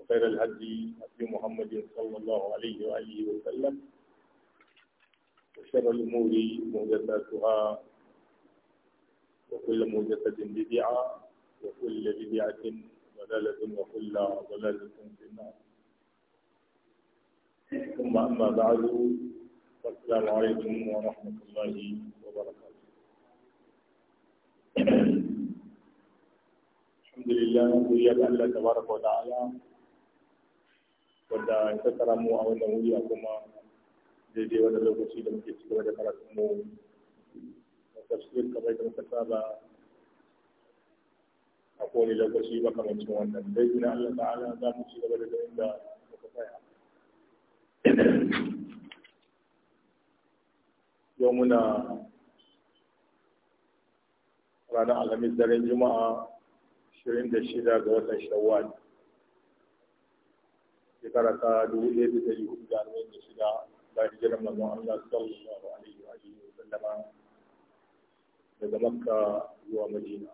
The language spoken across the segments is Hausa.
وخير الهدي هدي محمد صلى الله عليه وآله وسلم وشر الأمور محدثاتها وكل محدثة بدعة وكل بدعة ضلالة وكل ضلالة في النار ثم أما بعد فالسلام عليكم ورحمة الله وبركاته الحمد لله وإياك الله تبارك وتعالى wadda ya tattara mu a wannan wuri a kuma daidai wani lokaci da muke ci gaba da karatun mu da tafsir kamar da muka saba a kowane lokaci ba kamar makamancin wannan dai na Allah ta'ala za mu ci gaba da da muka tsaya yau muna ranar alhamis daren juma'a 26 ga watan shawwal shekara ta dubu ɗaya da ɗari hudu da arba'in da shida bayan jiran mazan Allah sallallahu alaihi wa alihi wa sallama daga Makka zuwa Madina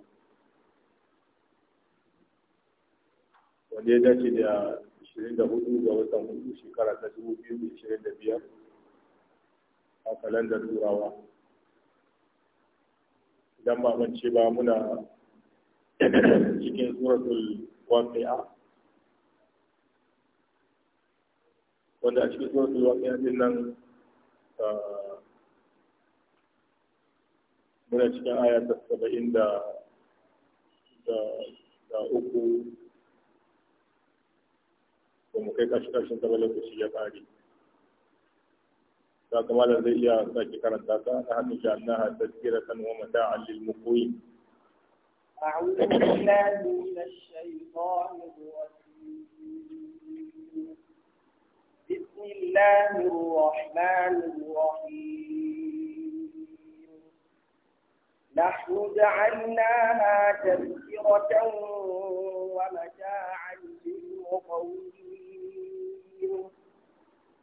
wanda ya dace da 24 ga watan hudu shekara ta 2025 a kalandar turawa idan ba mance ba muna cikin suratul waqi'a wanda a cikin suratul waqi'a din nan muna cikin aya ta saba'in da da uku da mu kai kashi kashin ta balo kashi ya kare ta da zai iya saki karanta ta ta hannun ja'annaha tazkiratan wa mata'an lil muqwin أعوذ بالله من الشيطان الرجيم بسم الله الرحمن الرحيم نحن جعلناها تذكرة ومتاعا للمقوين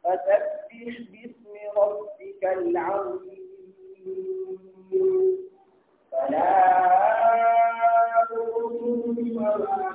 فسبح باسم ربك العظيم فلا أقسم بمواقع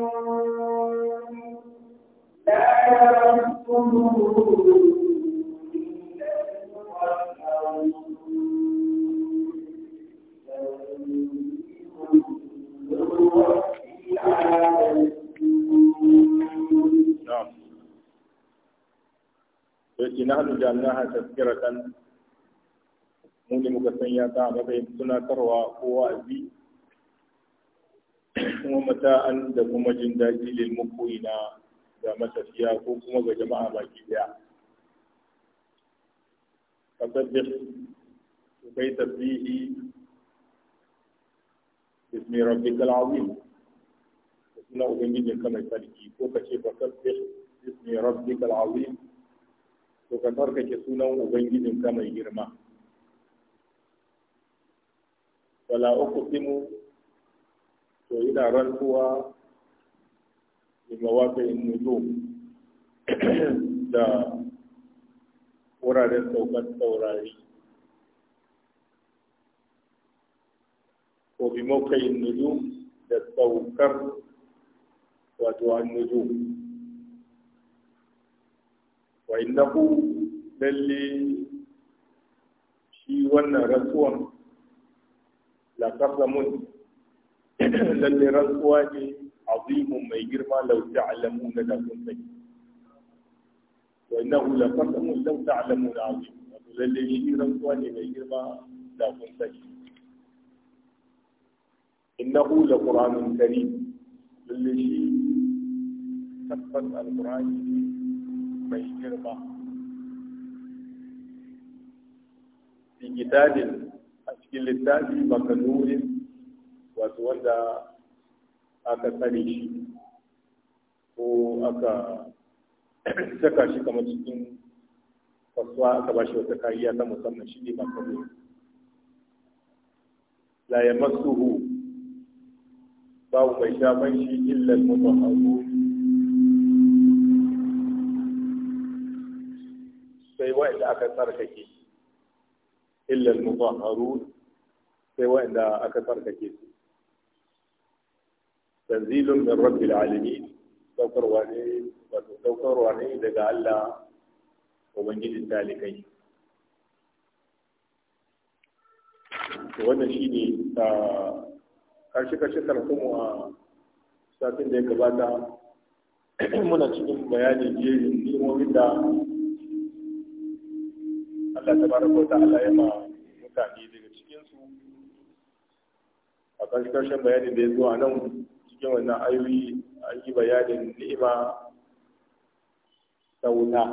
sai ce na hannu jami'a tazkiratan mu ne muka sanya ta a suna tunatarwa ko wa'azi kuma mata an da kuma jin daɗi lil muqwina ga matafiya ko kuma ga jama'a baki daya fasabbih kai tasbihi bismi rabbikal azim suna ubangijin ka mai sarki ko ka ce ka fasabbih bismi rabbikal azim to ka tsarkake sunan ubangijin mai girma wala uqsimu to ina rantsuwa mawaka in nujum da wuraren saukar taurari ko bi in nujum da saukar wato an nujum wa innahu lalle shi wannan rantsuwan la qasamun lalle rantsuwa ne azimun mai girma lau ta'lamu na da kun sani wa innahu la qasamun lau ta'lamu na azim lalle shi rantsuwa ne mai girma da kun sani innahu la qur'anun karim lalle shi tabbas al-qur'ani mai girma fi kitabin a cikin littafi makanurin wato wanda aka tsare shi ko aka saka shi kamar cikin kasuwa aka ba shi wata kariya ta musamman shi ne makanurin la yamassuhu babu mai shafan shi illal al wa'anda aka tsarkake illa al-mutahharun sai wa'anda aka tsarkake su tanzilun min rabbil alamin saukarwa ne wato saukarwa ne daga Allah ubangiji talikai wannan shine ta karshe karshe karatu a satin da ya gabata muna cikin bayanin jerin ilmomin da Allah ta ko ta Allah ya ma mutane daga cikin su a ƙarshen bayanin da ya zo a nan cikin wannan ayoyi an yi bayanin ni'ima ta wuta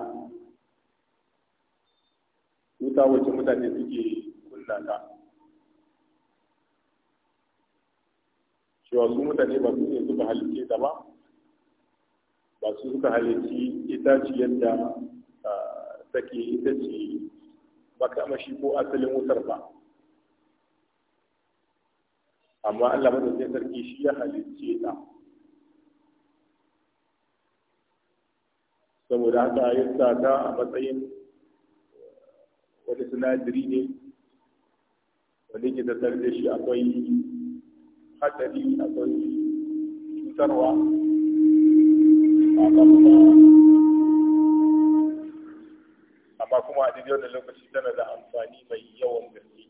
wuta wacce mutane suke kunna ta cewa su mutane ba su ne suka halice ta ba ba su suka halici ita ce yadda ah, take ita ce Ba shi ko asalin wutar ba amma Allah madaukakin sarki shi ya halicce ta saboda haka ya sa ta a matsayin eh, wani sinadari ne wani ke tattar da shi akwai hatsari akwai cutarwa a kuma amma kuma a duk wani lokaci tana da amfani mai yawan gaske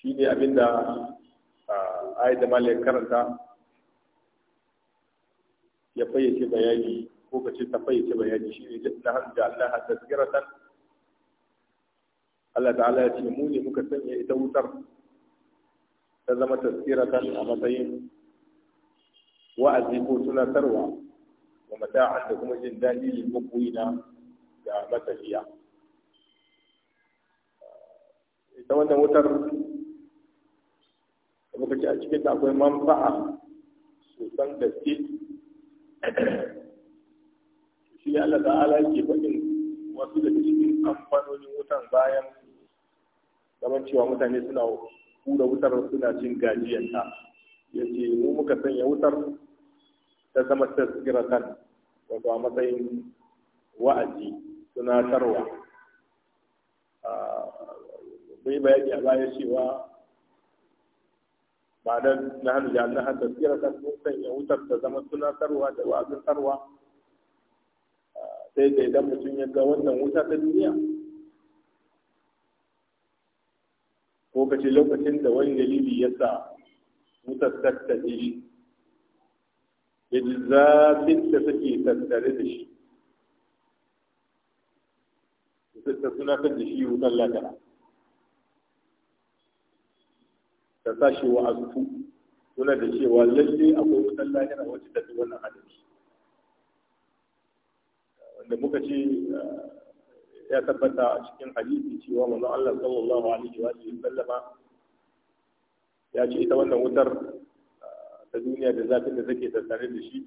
shi ne abinda yi da malayar karanta ya fayyace bayani ko ka ce ta fayyace bayani shi ne na da Allah ta tsiratan Allah ta'ala ya ce mu ne muka sanya ita wutar ta zama tasiratan a matsayin wa'azi ko tunatarwa wa mata'an da kuma jin daɗi yi na, ga matafiya ita wannan wutar da muka ci a cikin ta akwai manfa'a sosan gaske shi ne Allah ta'ala ke faɗin wasu daga cikin amfanonin wutan bayan zaman cewa mutane suna hura wutar suna cin gajiyarta ya ce mu muka sanya wutar ta zama tasgiratan wato a matsayin wa'azi tunatarwa ba yi bayani a baya cewa ba da na hannu ya na hannu kan mun sanya wutar ta zama tunatarwa da wa'azintarwa sai da idan mutum ya ga wannan wuta ta duniya ko kace lokacin da wani dalili ya sa wutar ta tafi. da zafin da suke tattare da shi ta kan da shi wutan lahira ta sa shi wa azutu suna da cewa lalle akwai wutan lahira wacce ta fi wannan hadari wanda muka ce eh, ya tabbata a cikin hadisi cewa wani Allah sallallahu alaihi wa sallama ya ce ita wannan wutar ta duniya da zafin da zake tattare da shi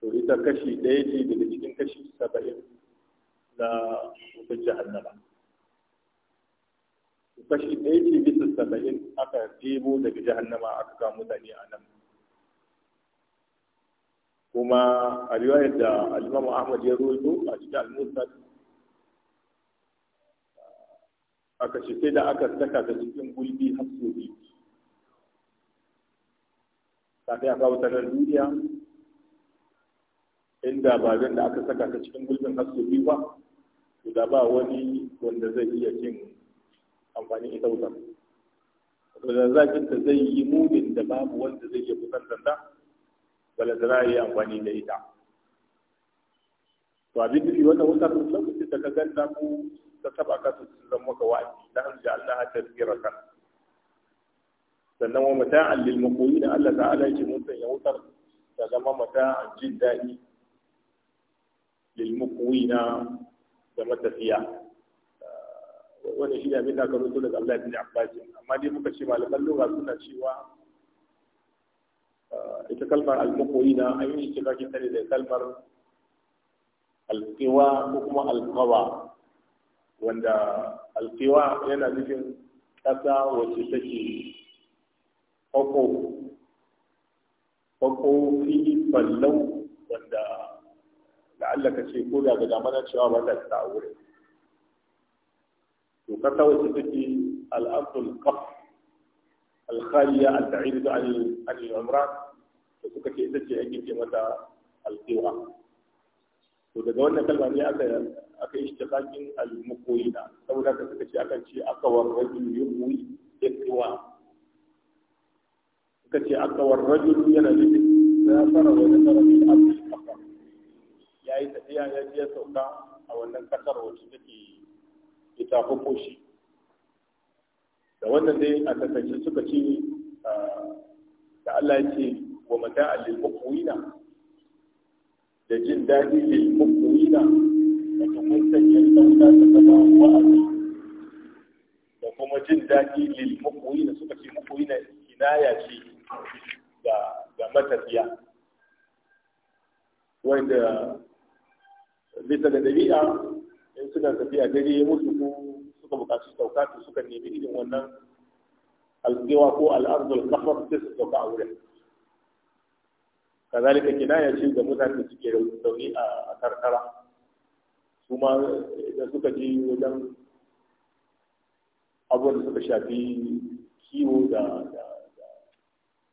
to ita kashi ɗaya ce daga cikin kashi saba'in na wutar jahannama kashi ɗaya ce bisa saba'in aka ɗebo daga jahannama aka kawo mutane a nan kuma a riwayar da alimamu ahmad ya rojo a cikin almusad aka ce sai da aka saka ta cikin gulbi har sau biyu kafin a kawo sanar duniya inda ba zan da aka saka ta cikin gulbin biyu ba to da ba wani wanda zai iya cin amfani ita wutar wanda zakin ta zai yi mumin da babu wanda zai iya kusan sanda bala zana yi amfani da ita to abin da wannan wutar lokacin da ka ganta ko ta taba ka su zama maka wa'azi da hamsa Allah ta tsira kanka sannan wa mata'an lil da Allah ta'ala yake mun sanya wutar ta zama mata'an jin daɗi lil na da matafiya wani shi abin da aka rubuto daga Allah ibn Abbas amma dai muka ce malaman lura suna cewa eh, ita kalmar al na an yi shi kake tare da kalmar al ko kuma alfawa. wanda al yana nufin kasa wacce take fako fako fi ballau wanda la'alla ka ce ko da ga mana cewa ba ta ta wuri to kasa wacce take al'abdul qaf al-khaliya al-ta'idu al-umra to suka ce ita ce ake ce mata al to daga wannan kalma ne aka aka yi ishtiqaqin al-muqawina saboda ka suka ce akan ce aka warrajul yuwi yaqiwa Ka ce aka warrajin yana da na fara wani sarari a afirka ya yi tafiya ya je sauka a wannan kasar wacce take ita shi. da wannan dai a takaice suka ce da Allah ya ce wa mata alil muqwina da jin daɗi lil muqwina da kuma sanya sauka ta zama wa'azi da kuma jin daɗi lil muqwina suka ce ina ya ce ga matafiya wanda bisa da dabi'a in suna tafiya dare ya ko suka buƙaci sauka su suka nemi irin wannan alƙewa ko al'arzul kafar sai su sauka a wurin kazalika ya ce ga mutane suke rauni a karkara kuma da suka je wajen abubuwan da suka shafi kiwo da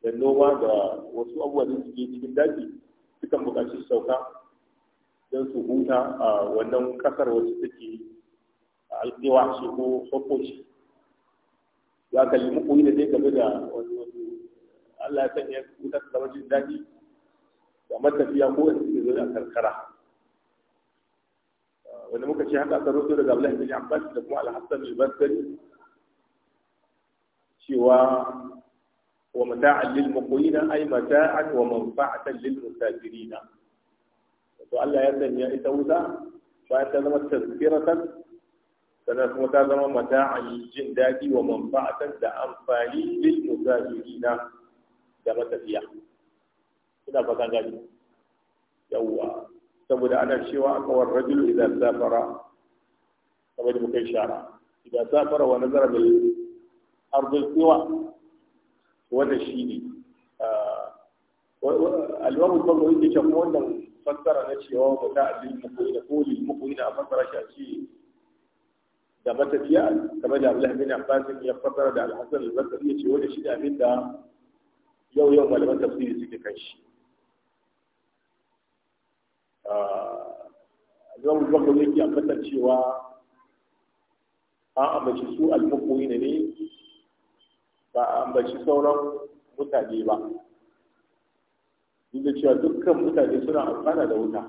da noma da wasu abubuwa da suke cikin daji sukan buƙaci sauka don su huta a wannan ƙasar wacce take alƙewa shi ko sokoci ya kalli muku da dai game da wani wasu Allah ya sanya wutar da wajen daji da matafiya ko wanda suke zo a karkara wanda muka ce haka aka rubuto daga Abdullahi bin Abbas da kuma Al-Hassan al-Basri cewa ومتاعا للمقوين أي متاعا ومنفعة للمسافرين وقال الله يسن يا إتوزا فأتزم تذكرة سنسمى تزم متاعا للجندات ومنفعة لأنفاني للمسافرين كما تفيا إذا فتن غني يوا saboda ana cewa aka war rajulu idan safara saboda muka ishara idan safara wa nazara bil ardil qiwa wanda shi ne alwamu kwallo yake ce kuma wannan fassara na cewa wata abin mukuri da koli mukuri ina a fassara shi a ce da matafiya game da Abdullahi bin Abbas ya fassara da alhassan albassar. ya ce wanda shi da abin da yau yau malaman tafsiri suke kan shi Imam Bakar yake ambata cewa a ambaci su al-muqwina ne ba a ambaci sauran mutane ba inda cewa dukkan mutane suna amfana da wuta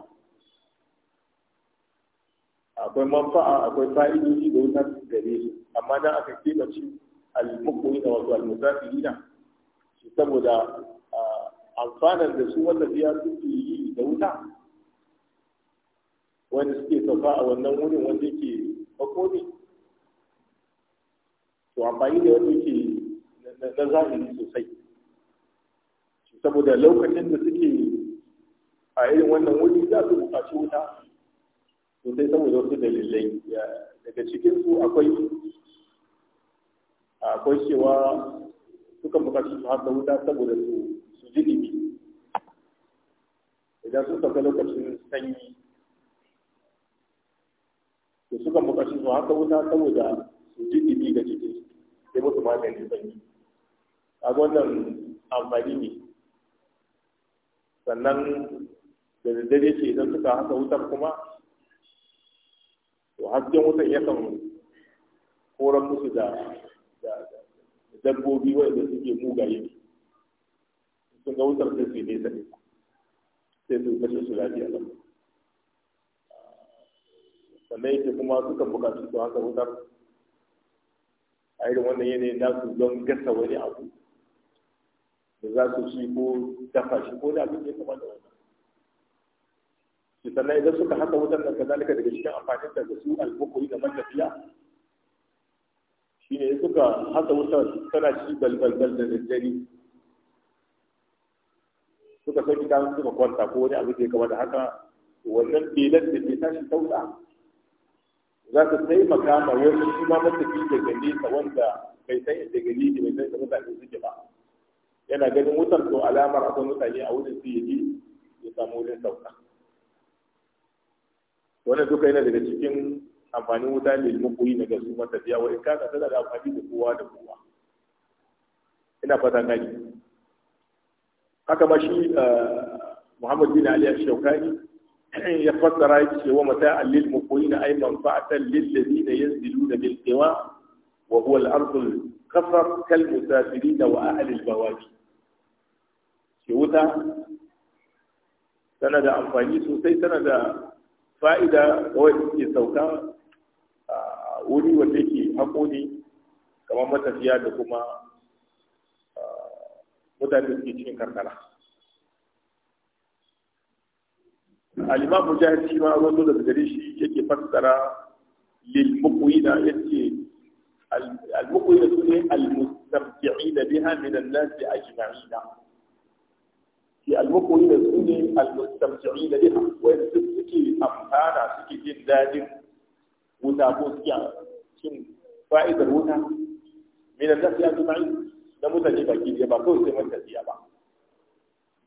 akwai manfa'a akwai fa'idoji da wuta gare su amma dan aka kebaci al da wasu al-musafirina shi saboda amfanar da su wanda biya suke yi da wuta wanda suke sauka a wannan wurin wanda yake makoni to amfani da wanda yake na zahiri sosai saboda lokacin da suke a irin wannan wuri za su buƙaci wuta sosai saboda wasu dalilai daga su akwai akwai cewa suka buƙaci su haka wuta saboda su su ji ɗimi idan sun sauka lokacin sanyi to suka buƙaci su haka wuta saboda su ji ɗimi ga cikin sai musu magani sanyi a wannan amfani ne sannan da daddare ce idan suka haka wutar kuma to hasken wutar kan koran musu da dabbobi wanda suke mugaye sun ga wutar sai su nesa ne sai su kashe su lafiya nan sannan yake kuma suka bukatu su haka wutar a irin wannan yanayin nasu don gasa wani abu da za su ci ko dafa shi ko da abin da ya da wannan shi sannan idan suka haka wutar da kazalika daga cikin amfanin da su albukuyi da matafiya shi ne suka haka wutar tana ci balbalbal da daddare suka sauki kayan suka kwanta ko wani abin da ya da haka wannan belan da ke tashi sauka za su taimaka ma wasu shi ma matafi daga nesa wanda bai san inda gani da bai san inda mutane suke ba yana ganin wutar to alamar akwai mutane a wurin su yi, ya samu wurin sauka wannan duka yana daga cikin amfanin wuta mai mukuyi na gasu matafiya wa in kasa tana da amfani da kowa da kowa ina fata gani haka ba shi eh, muhammad bin ali shaukani ya fassara ce cewa mata alil na ay manfa'atan lil ladina yanziluna da bilkewa wa huwa al-ardu al-qasr kal musafirin wa ahli al-bawaji ke wuta tana da amfani sosai tana da fa'ida wadda ke sauka a wuri wanda ke haƙoni kamar matafiya da kuma mutane suke cikin karkara al'imam mujahid shi ma wato daga gare shi yake fassara lil muqwina yace al muqwina sune al mustamti'ina biha min an-nas ajma'ina shi almakoni da su ne almustamci'i da biha wanda duk suke amfana suke jin dadin wuta ko suke cin fa'idar wuta min al-nasi ajma'in da mutane baki da ba kawai sai mun tafiya ba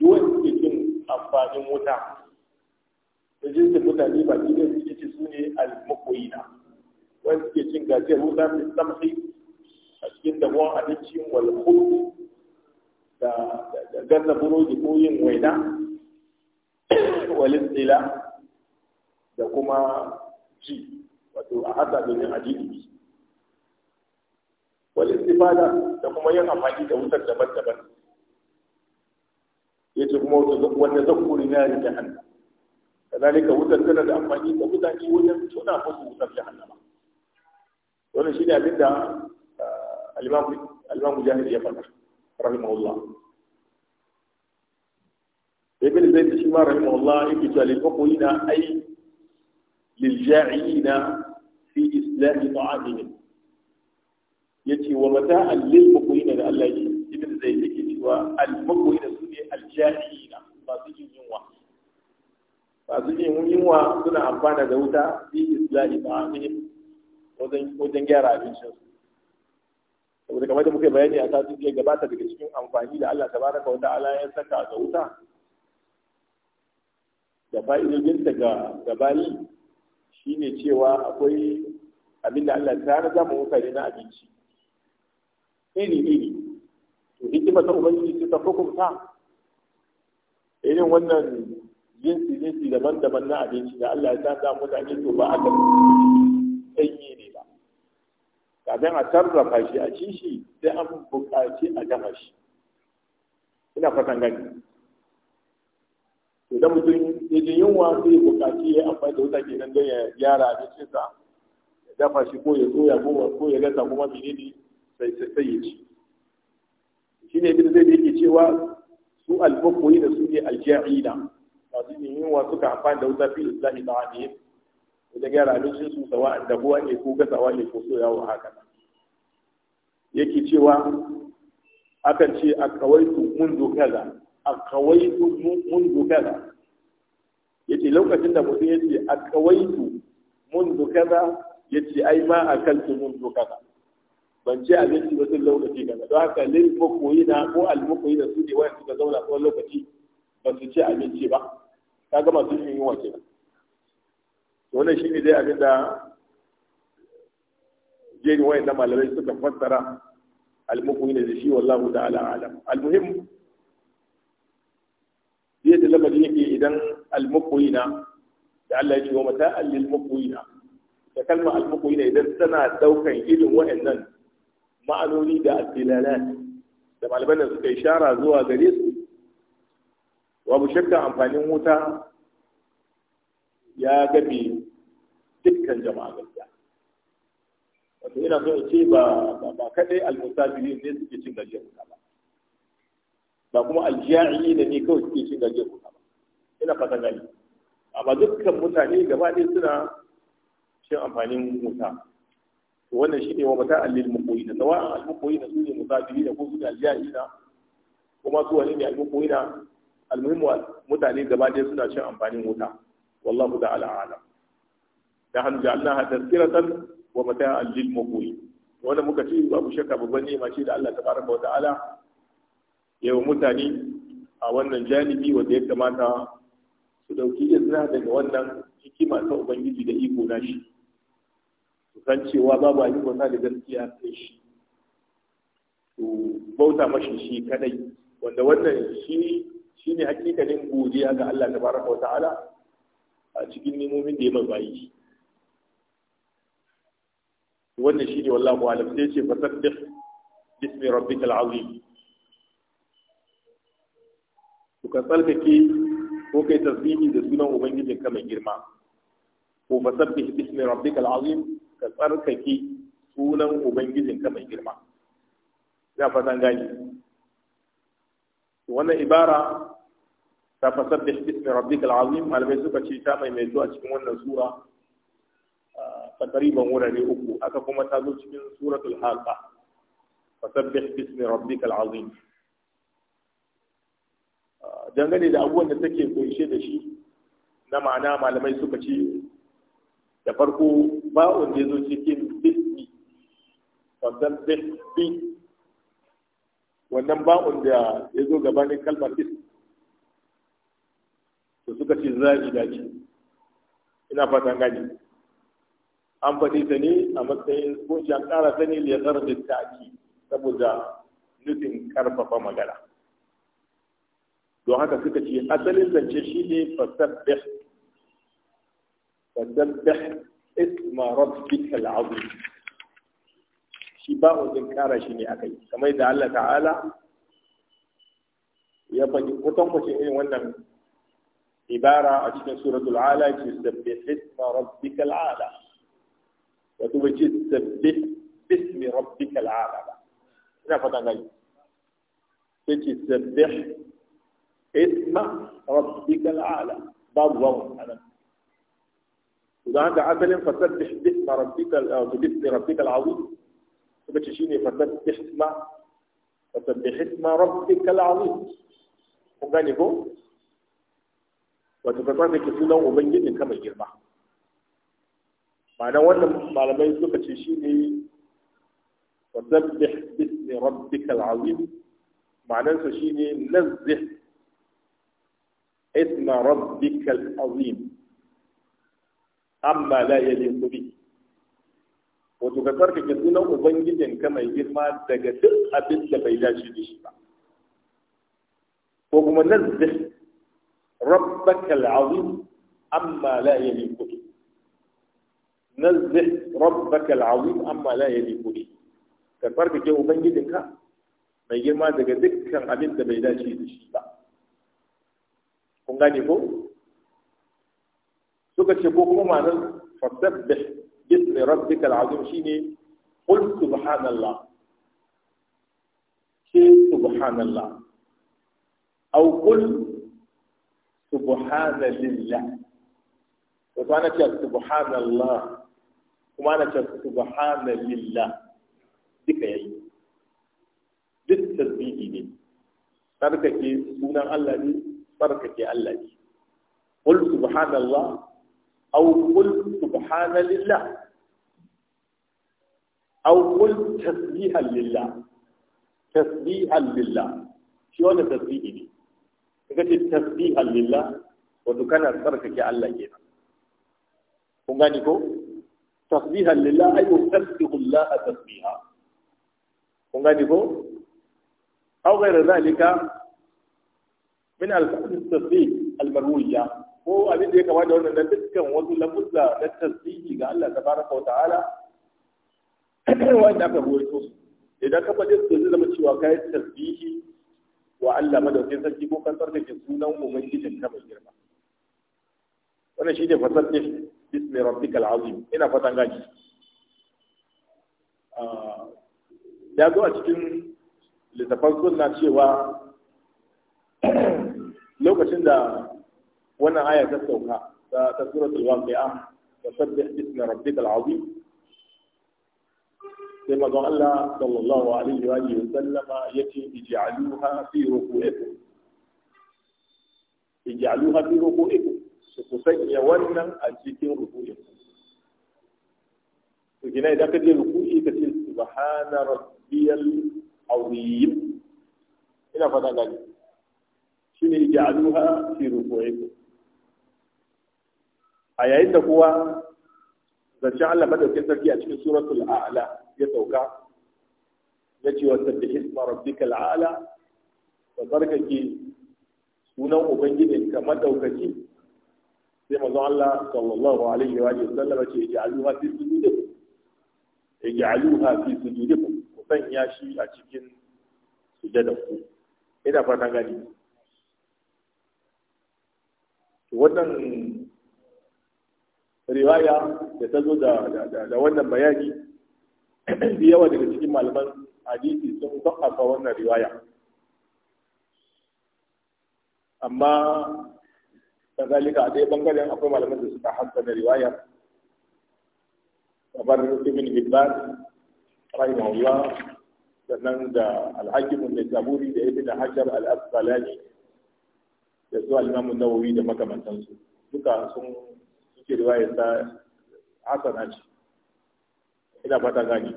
duk wanda suke amfanin wuta da jinsin mutane baki da suke su ne almakoyina wanda suke cin gajiyar wuta fi samhi a cikin damuwan abincin wal da gaza burodi ko yin waina walin tsila da kuma ji wato a hada domin a ji walin tsibada da kuma yin amfani da wutar daban-daban ya ce kuma wanda zakuri na yari jahannama kazalika wutar tana da amfani da mutane wajen tuna musu wutar jahannama wannan ba. abin da ne ah, imam al-imam mujahid ya faɗa rahimahullah ibn zaid shi ma rahimahullah yake cewa lil fuqina ay lil ja'ina fi islam ta'amihim yace wa mata'an lil fuqina da Allah yake ibn zaid yake cewa al fuqina su ne al ja'ina ba su yi yunwa ba su yi yunwa suna amfana da wuta fi islam ta'amihim wajen gyara abincinsu saboda kamar da muke bayani a satin ya gabata daga cikin amfani da Allah tabaraka wa ta'ala ya saka ga wuta da fa'idojinta ga gabani shine cewa akwai abin da Allah ta raza mu mutane na abinci iri iri to hikima ta ubangiji ta hukunta irin wannan jinsi jinsi daban-daban na abinci da Allah ya sa mutane to ba aka sanyi ne kafin a sarrafa shi a ci shi sai an buƙaci a dafa shi ina fatan gani idan mutum ya ji yunwa sai buƙaci ya amfani da wuta ke nan don ya gyara sa ya dafa shi ko ya soya ko ya gasa kuma menene sai sai ya ci shi ne bin zai yake cewa su al-bukhari da su ne al-ja'ina masu yunwa suka amfani da wuta fi islahi ta'amihim da gyara abincin su sawa da buwa ne ko gasawa ne ko yawo haka yake cewa akan ce a kawaitu mundu kaza a kawaitu mundu kaza yace lokacin da mutum yace a kawaitu mundu kaza yace ai ma mun mundu kaza ban ce abinci ba sun lokaci kaza don haka lil mukoyina ko al mukoyina su ne su suka zauna tsawon lokaci ba su ci abinci ba kaga masu yin yunwa kenan wannan shi ne dai abin da jerin wayan da malamai suka fassara almukumin da shi wallahu ta'ala alam almuhim yadda lamarin yake idan almukuina da Allah ya ce wa mata'al lil mukuina da kalma almukuina idan tana daukan irin wayannan ma'anoni da adilalat da malaman da suka ishara zuwa gare su babu shakka amfanin wuta ya gabe dukkan jama'a gaskiya wato ina so in ce ba ba kadai almusafirin ne suke cin gajiyar kuka ba ba kuma aljiya'i ne ne kawai suke cin gajiyar kuka ba ina fata gani amma dukkan mutane gaba ɗaya suna cin amfanin wuta to wannan ne wa mata allil muqoyina sawa al na su ne da ko su ne aljiya'i kuma su wani ne al na almuhimmu mutane gaba ɗaya suna cin amfanin wuta wallahu da alam da hannu ja'alnaha tazkiratan wa mata'an lil muqwin wanda muka ci babu shakka babban ni'ima ce da Allah tabaraka wa ta'ala yau mutane a wannan janibi wanda ya kamata su dauki izina daga wannan hikima masu ubangiji da iko na shi su babu abin wasa da gaskiya sai shi su bauta mashi shi kadai wanda wannan shi shine hakikanin godiya ga Allah tabaraka wa ta'ala a cikin nemomin da ya mai bayi wannan shi ne wallahu alam sai ce fasabbih bismi rabbikal azim to ka ke, ko kai tasbihi da sunan ubangijin ka mai girma ko fasabbih bismi rabbikal azim ka ke sunan ubangijin ka mai girma ya fatan gani wannan ibara ta fasabbih bismi rabbikal al'azim malamai suka ce ta maimaito a cikin wannan sura ah, ta takriban wurare uku aka kuma ta zo cikin suratul haqa fasabbih bismi rabbikal azim ah, dangane da abubuwan da take kunshe da shi na ma'ana malamai suka ce da farko ba da ya zo cikin bismi fasabbih bi wannan ba'un da ya zo gabanin kalmar bismi to suka ce za za'ida dace. ina fatan gani an faɗi ta ne a matsayin ko an ƙara sani ne ya da ake saboda nufin karfafa magana don haka suka ce asalin zance shi ne fasabbih fasabbih isma rabbika al'azim shi ba wajen ƙara shi ne akai kamar da Allah ta'ala ya faɗi kwatankwacin irin wannan عبارة عشان سورة العالى تسبح اسم ربك العالى وتبقى تسبح باسم ربك العالى هنا فتنة تسبح اسم ربك العالى بعض وضع وإذا أنت عدل فسبح باسم ربك باسم ربك العظيم تبقى تشيني فسبح اسم فسبح اسم ربك العظيم وقال يقول wato ka ke sunan ubangijin ka mai girma ma'ana wannan malamai suka ce shi ne wasabbih bismi rabbikal azim ma'anarsa shi ne nazzih isma rabbikal azim amma la yaliqu bi wato ka ke sunan ubangijin ka mai girma daga duk abin da bai dace da shi ba ko kuma nazzih ربك العظيم عما لا يليق به نزه ربك العظيم عما لا يليق به كفرك جاء ubangijinka mai girma daga dukkan abin da bai dace da shi ba kun gane ko suka ce ko kuma ma'anar fasabbih bismi rabbika al'azim shine qul subhanallah ce subhanallah aw qul subhana lillah wato ana cewa subhana Allah kuma ana cewa subhana lillah duka yayi duk tasbihi ne tsarkake sunan Allah ne tsarkake Allah ne qul subhanallah aw qul subhana lillah aw qul tasbihan lillah tasbihan lillah shi wannan tasbihi ne Ka ce tasbihan lillah wato kana tsarkake Allah kenan kun gani ko tasbihan lillah ay tasbihu Allah tasbiha kun gani ko aw ghayra zalika min al-fa'l tasbih al-marwiya ko abin da ya kama da wannan dukkan wasu lafuzza na tasbihi ga Allah tabaraka wa ta'ala wanda aka goyi su idan ka faɗi su zai zama cewa kai tasbihi wa Allah madaukin sarki ko kan tsarkake sunan ubangijin ka mai girma wannan shine fasabbih bismi rabbikal azim ina fatan gaji ah, ya zo a cikin littafan sunna cewa lokacin da wannan aya ta sauka ta suratul waqi'a fasabbih bismi rabbikal azim كما قال صلى الله عليه وآله وسلم يتي اجعلوها في ركوعكم يجعلوها في ركوعكم سكسين يوانا أجيكم ركوعكم وجناء ذاك دي ركوعي كتير سبحان ربي العظيم إلى فتاة قال شنو اجعلوها في ركوعكم أيا إذا هو zancen Allah madaukin sarki a cikin suratul a'la ya sauka ya ce wa sabbihi isma rabbika al'ala wa barkaki sunan ubangijin ka madaukaki sai manzo Allah sallallahu alaihi wa sallam ya ce ij'aluha fi sujudikum ij'aluha fi sujudikum ku sanya shi a cikin sujadanku ina fatan gani wannan riwaya da ta zo da wannan bayani da yawa daga cikin malaman hadisi sun zaɓaɓa wannan riwaya amma da zalika a ɗaya ɓangaren akwai malaman da suka hassana riwaya kamar ibn hibban rahimahullah sannan da alhakimun da taburi da ibn hajar al-asqalani da su al-imam nawawi da makamantansu duka sun suke riwayar ta hasana ce ina fata gani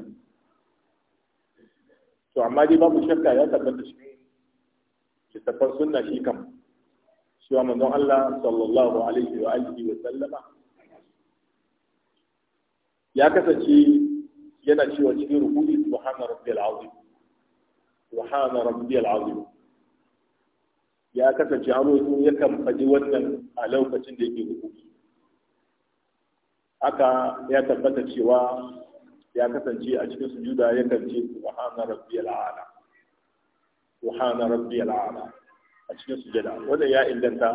to amma dai babu shakka ya tabbata shi littafan sunna shi kam wa manzon Allah sallallahu alaihi wa alihi wa sallama ya kasance yana cewa cikin rukuni subhana rabbil azim subhana rabbil azim ya kasance a yakan faɗi wannan a lokacin da yake rukuni haka ya tabbata cewa ya kasance a cikin sujuda yakan ce subhana rabbiyal a'la subhana rabbiyal a'la a cikin sujada Wannan ya inganta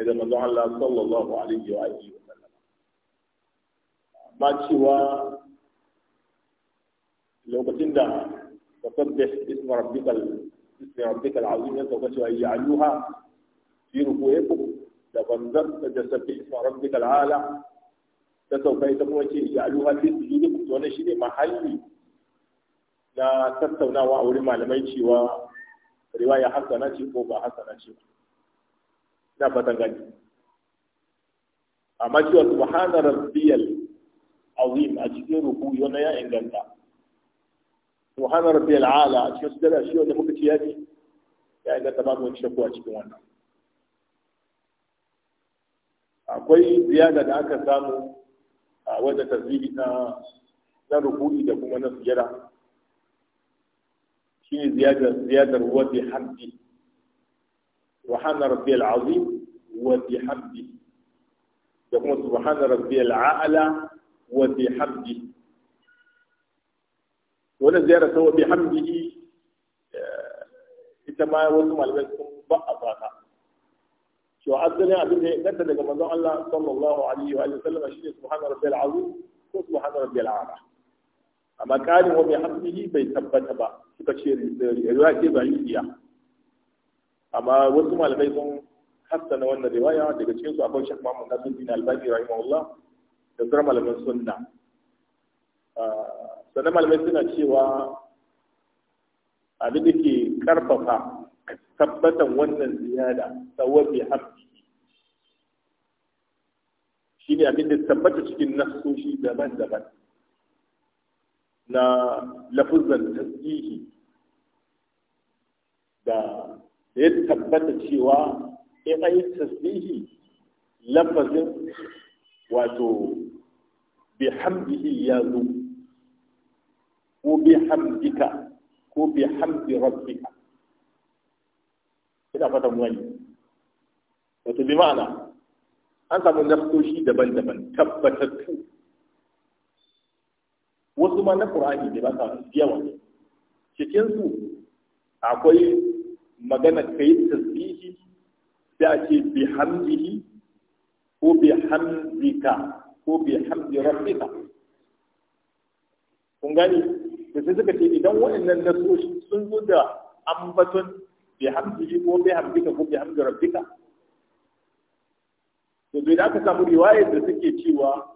daga manzon Allah sallallahu alaihi wa alihi wa sallam ma cewa lokacin da tasabbih isma rabbikal isma rabbikal azim ya sauka cewa ya'aluha fi rukuyikum da banzar da tasabbih isma rabbikal a'la ta sauka ita kuma ce ya alu hadis su wani shi shine mahalli na tattaunawa a wurin malamai cewa riwaya Hassana ce ko ba Hassana ce ba ina fatan gani amma cewa subhana rabbiyal azim a cikin ruku yana ya inganta mahanar rabbiyal ala a cikin sujada shi wanda muka ce ya ce ya inganta babu wani shakku a cikin wannan akwai ziyada da aka samu a wajen tasbihi na na rukuni da kuma na sujada ne ziyadar ziyadar wadi hamdi wa hana rabbi azim wadi hamdi da kuma subhana rabbiyal a'la wa bi hamdi wannan ziyara ta wadi hamdi eh, ita ma wasu malamai sun a ta cewa azzalin abin da ya inganta daga manzon Allah sallallahu alaihi wa sallam shine subhana rabbil azim ko subhana rabbil ala amma kalin wa bihamdihi bai tabbata ba suka ce riwaya ce ba yi yiya amma wasu malamai sun hassana wannan riwaya daga cikin su akwai Sheikh Muhammad Nasiruddin Albani rahimahullah da sauran malaman sunna ah, sannan malamai suna cewa abin da ke karfafa tabbatan wannan ziyada sawabi hamdi shi ne abin da tabbata cikin nasoshi daban-daban na lafuzan tasbihi da ya tabbata cewa in an yi tasbihi lafazin wato bi hamdihi ya zo ko bi hamdika ko bi hamdi rabbika ina fatan wani wato bi ma'ana an samu nafsoshi daban-daban tabbatattu wasu ma na qur'ani da ba sa yawa cikin su akwai magana kai tasbihi sai a ce bi hamdihi ko bi hamdika ko bi hamdi rabbika kun gani da sai suka ce idan waɗannan nasoshi sun zo da ambaton bihamdihi ko bihamdika ko bihamdi rabbika to dai aka samu riwayar da suke cewa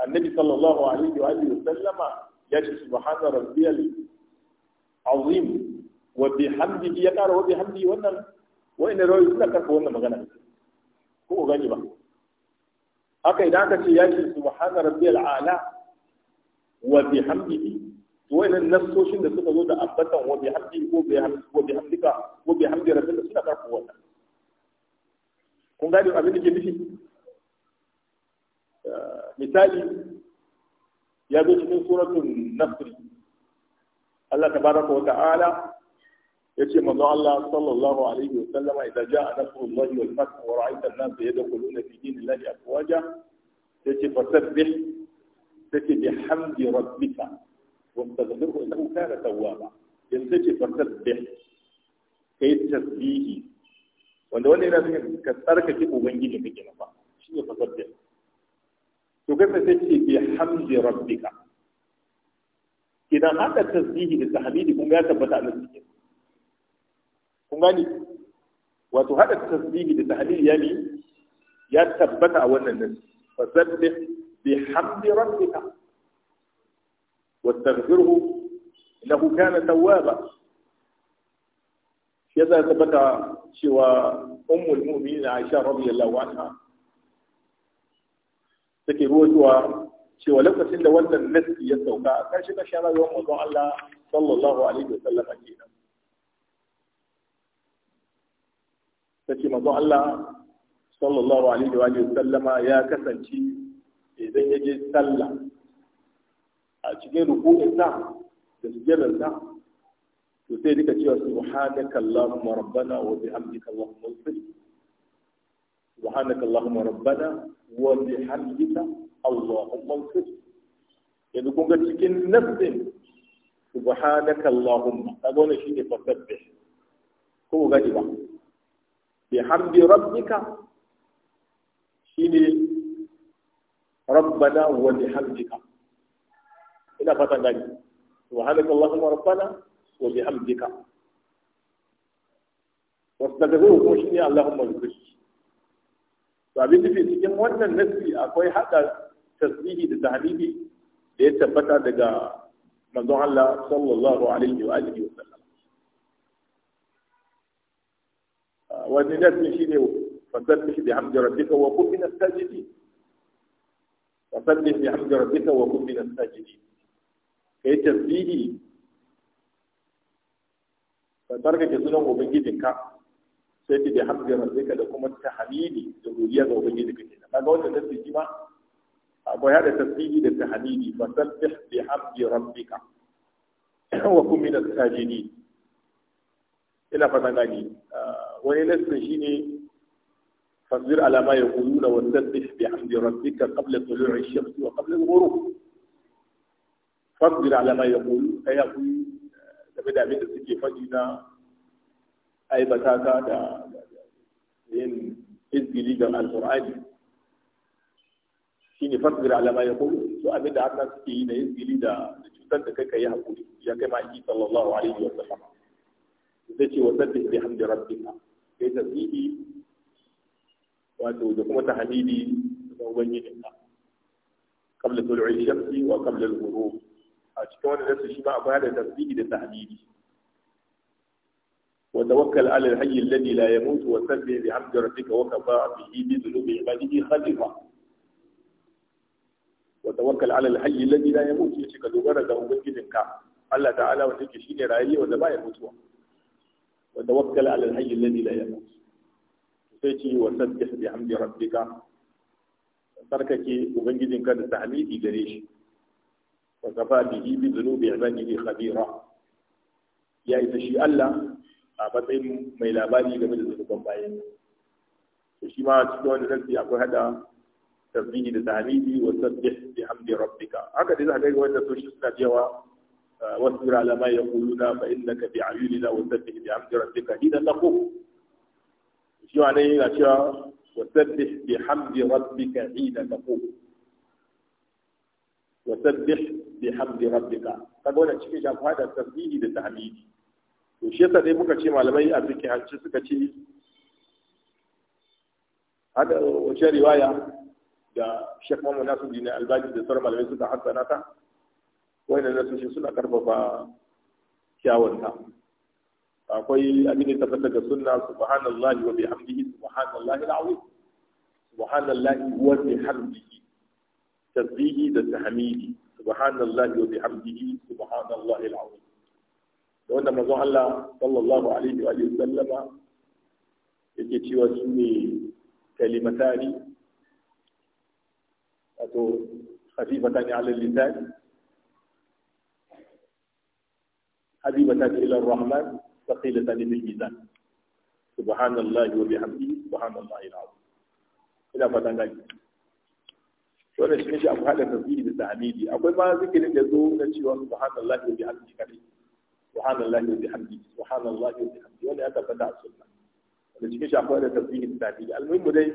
annabi sallallahu alaihi wa alihi sallama ya ce subhana rabbiyal azim wa bihamdihi ya kara wa bihamdihi wannan wa'inda rawi suna karfa wannan magana ko gani ba haka idan aka ce ya ce ala wa to wayannan nassoshin da suka zo da abbatan wa bihamdi ko bihamdi ko bihamdika ko bihamdi rabbika suna karku wannan kun gane abin da ke nufi misali ya zo cikin suratun nasri Allah tabaraka wa ta'ala yace manzo Allah sallallahu alaihi wa sallama idza jaa nasrullahi wal fath wa ra'aita an-nasa yadkhuluna fi dinillahi afwaja yace fasabbih yace bihamdi rabbika واستغفره انه كان توابا yanzu ce fartar da ka yi tasbihi wanda wanda yana zai ka tsarkake ubangiji kake na ba shi ne fartar da to kai sai ce bi hamdi rabbika idan haka tasbihi da tahmidi kun ga tabbata a nan cikin kun gani wato hada tasbihi da tahmidi ya ne ya tabbata a wannan nan fasabbih bi hamdi rabbika واستغفره له كان توابا كذا ثبت سوى أم المؤمنين عائشة رضي الله عنها تكيرو سوى سوى لفة سنة وانت النسك يتوقع كان شبه شعر يوم الله صلى الله عليه وسلم أجينا تكي مضوع الله صلى الله عليه وآله وسلم يا كسنتي إذا يجي سلم a cikin ruku'insa da sujjadarsa to sai duka cewa subhanaka allahumma rabbana wa bihamdika allahumma salli subhanaka allahumma rabbana wa bihamdika allahumma salli yanzu kun ga cikin nafsin subhanaka allahumma kaga wannan shine fasabbi ko gadi ba bihamdi rabbika shine rabbana wa bihamdika ina fatan gani subhanaka allahumma rabbana wa bihamdika wastaghfiruhu kuma shine allahumma zikri to abin da cikin wannan nasi akwai hada tasbihi da tahmidi da ya tabbata daga manzon Allah sallallahu alaihi wa alihi wa sallam wani nasi shine fasabbih bihamdi rabbika wa kun min as-sajidin fasabbih bihamdi rabbika wa kun min as-sajidin ka yi tasbihi ka barkake sunan ubangijinka sai ta da hamdi rabbika da kuma ta hamidi da godiya ga ubangijinka nan kaga wannan tasbihi ma akwai hada tasbihi da tahmidi fa sabbih bi hamdi rabbika wa kun min as-sajidin ina fata gani ah, wani lesson shine fasbir ala ma yaquluna wa sabbih bi hamdi rabbika qabla tulu'i ash-shams wa qabla al-ghurub fasbir ala ma yaqulu kai hakuri eh, game da abin da suke faɗi na aibata bataka da yin izgili ga alqur'ani shine fasbir ala ma yaqulu to abin da Allah suke yi na izgili da cutar da kai kai hakuri ya kai ma yi sallallahu alaihi wa sallam sai ce wa sabbih bihamdi rabbika kai tasbihi wato da kuma tahmidi da ubangijinka qabla tulu'i shamsi wa qabla al a cikin wani nasu shi ma a bayar da tasbihi da tahdidi wa tawakkal ala al-hayy alladhi la yamut wa sabbih bihamdi rabbika wa kafa bihi bi dhunubi ibadihi khabira wa tawakkal ala al-hayy alladhi la yamut yace ka dogara ga ubangijinka Allah ta'ala wanda yake shine rayayye wanda baya mutuwa wa tawakkal ala al-hayy alladhi la yamut sai ce wa sabbih bihamdi rabbika sarkake ubangijinka da tahmidi gare shi wa kafa bihi bi dhunubi ibadihi khabira ya isa shi Allah a matsayin mai labari game da zunuban bayan to shi ma cikin wani nasi akwai hada tasbihi da tahmidi wa haka dai za ga wanda soshi suna cewa واصبر على ما يقولون فإنك بعيوننا وسبح بحمد ربك حين تقوم شو عليه أشياء وسبح بحمد ربك حين تقوم wa sabbih bihamdi rabbika kaga wannan cikin shafa da tasbihi da tahmidi to shi yasa dai muka ce malamai a cikin hanci suka ce hada wace riwaya da Sheikh Muhammad Nasiruddin Albani da sauran malamai suka hasana ta wannan nasu shi suna karfafa kyawun ta akwai abin da tabbata ga sunna subhanallahi wa bihamdihi subhanallahi alazim subhanallahi wa bihamdihi تسبيحي تحميدي سبحان الله وبحمده سبحان الله العظيم لو وانا مظهر صلى الله عليه وآله وسلم يكتي وسمي كلمتان أتو خفيفتان على اللسان حبيبتان إلى الرحمن ثقيلتان بالميزان سبحان الله وبحمده سبحان الله العظيم إلى فتنك to shi cikin shi akwai hada tasbihi da tahmidi akwai ma zikirin da zo na cewa subhanallahi wa bihamdihi kadai subhanallahi wa bihamdihi subhanallahi wa bihamdihi wanda ya tabbata a sunna da cikin shi akwai hada tasbihi da tahmidi almuhim dai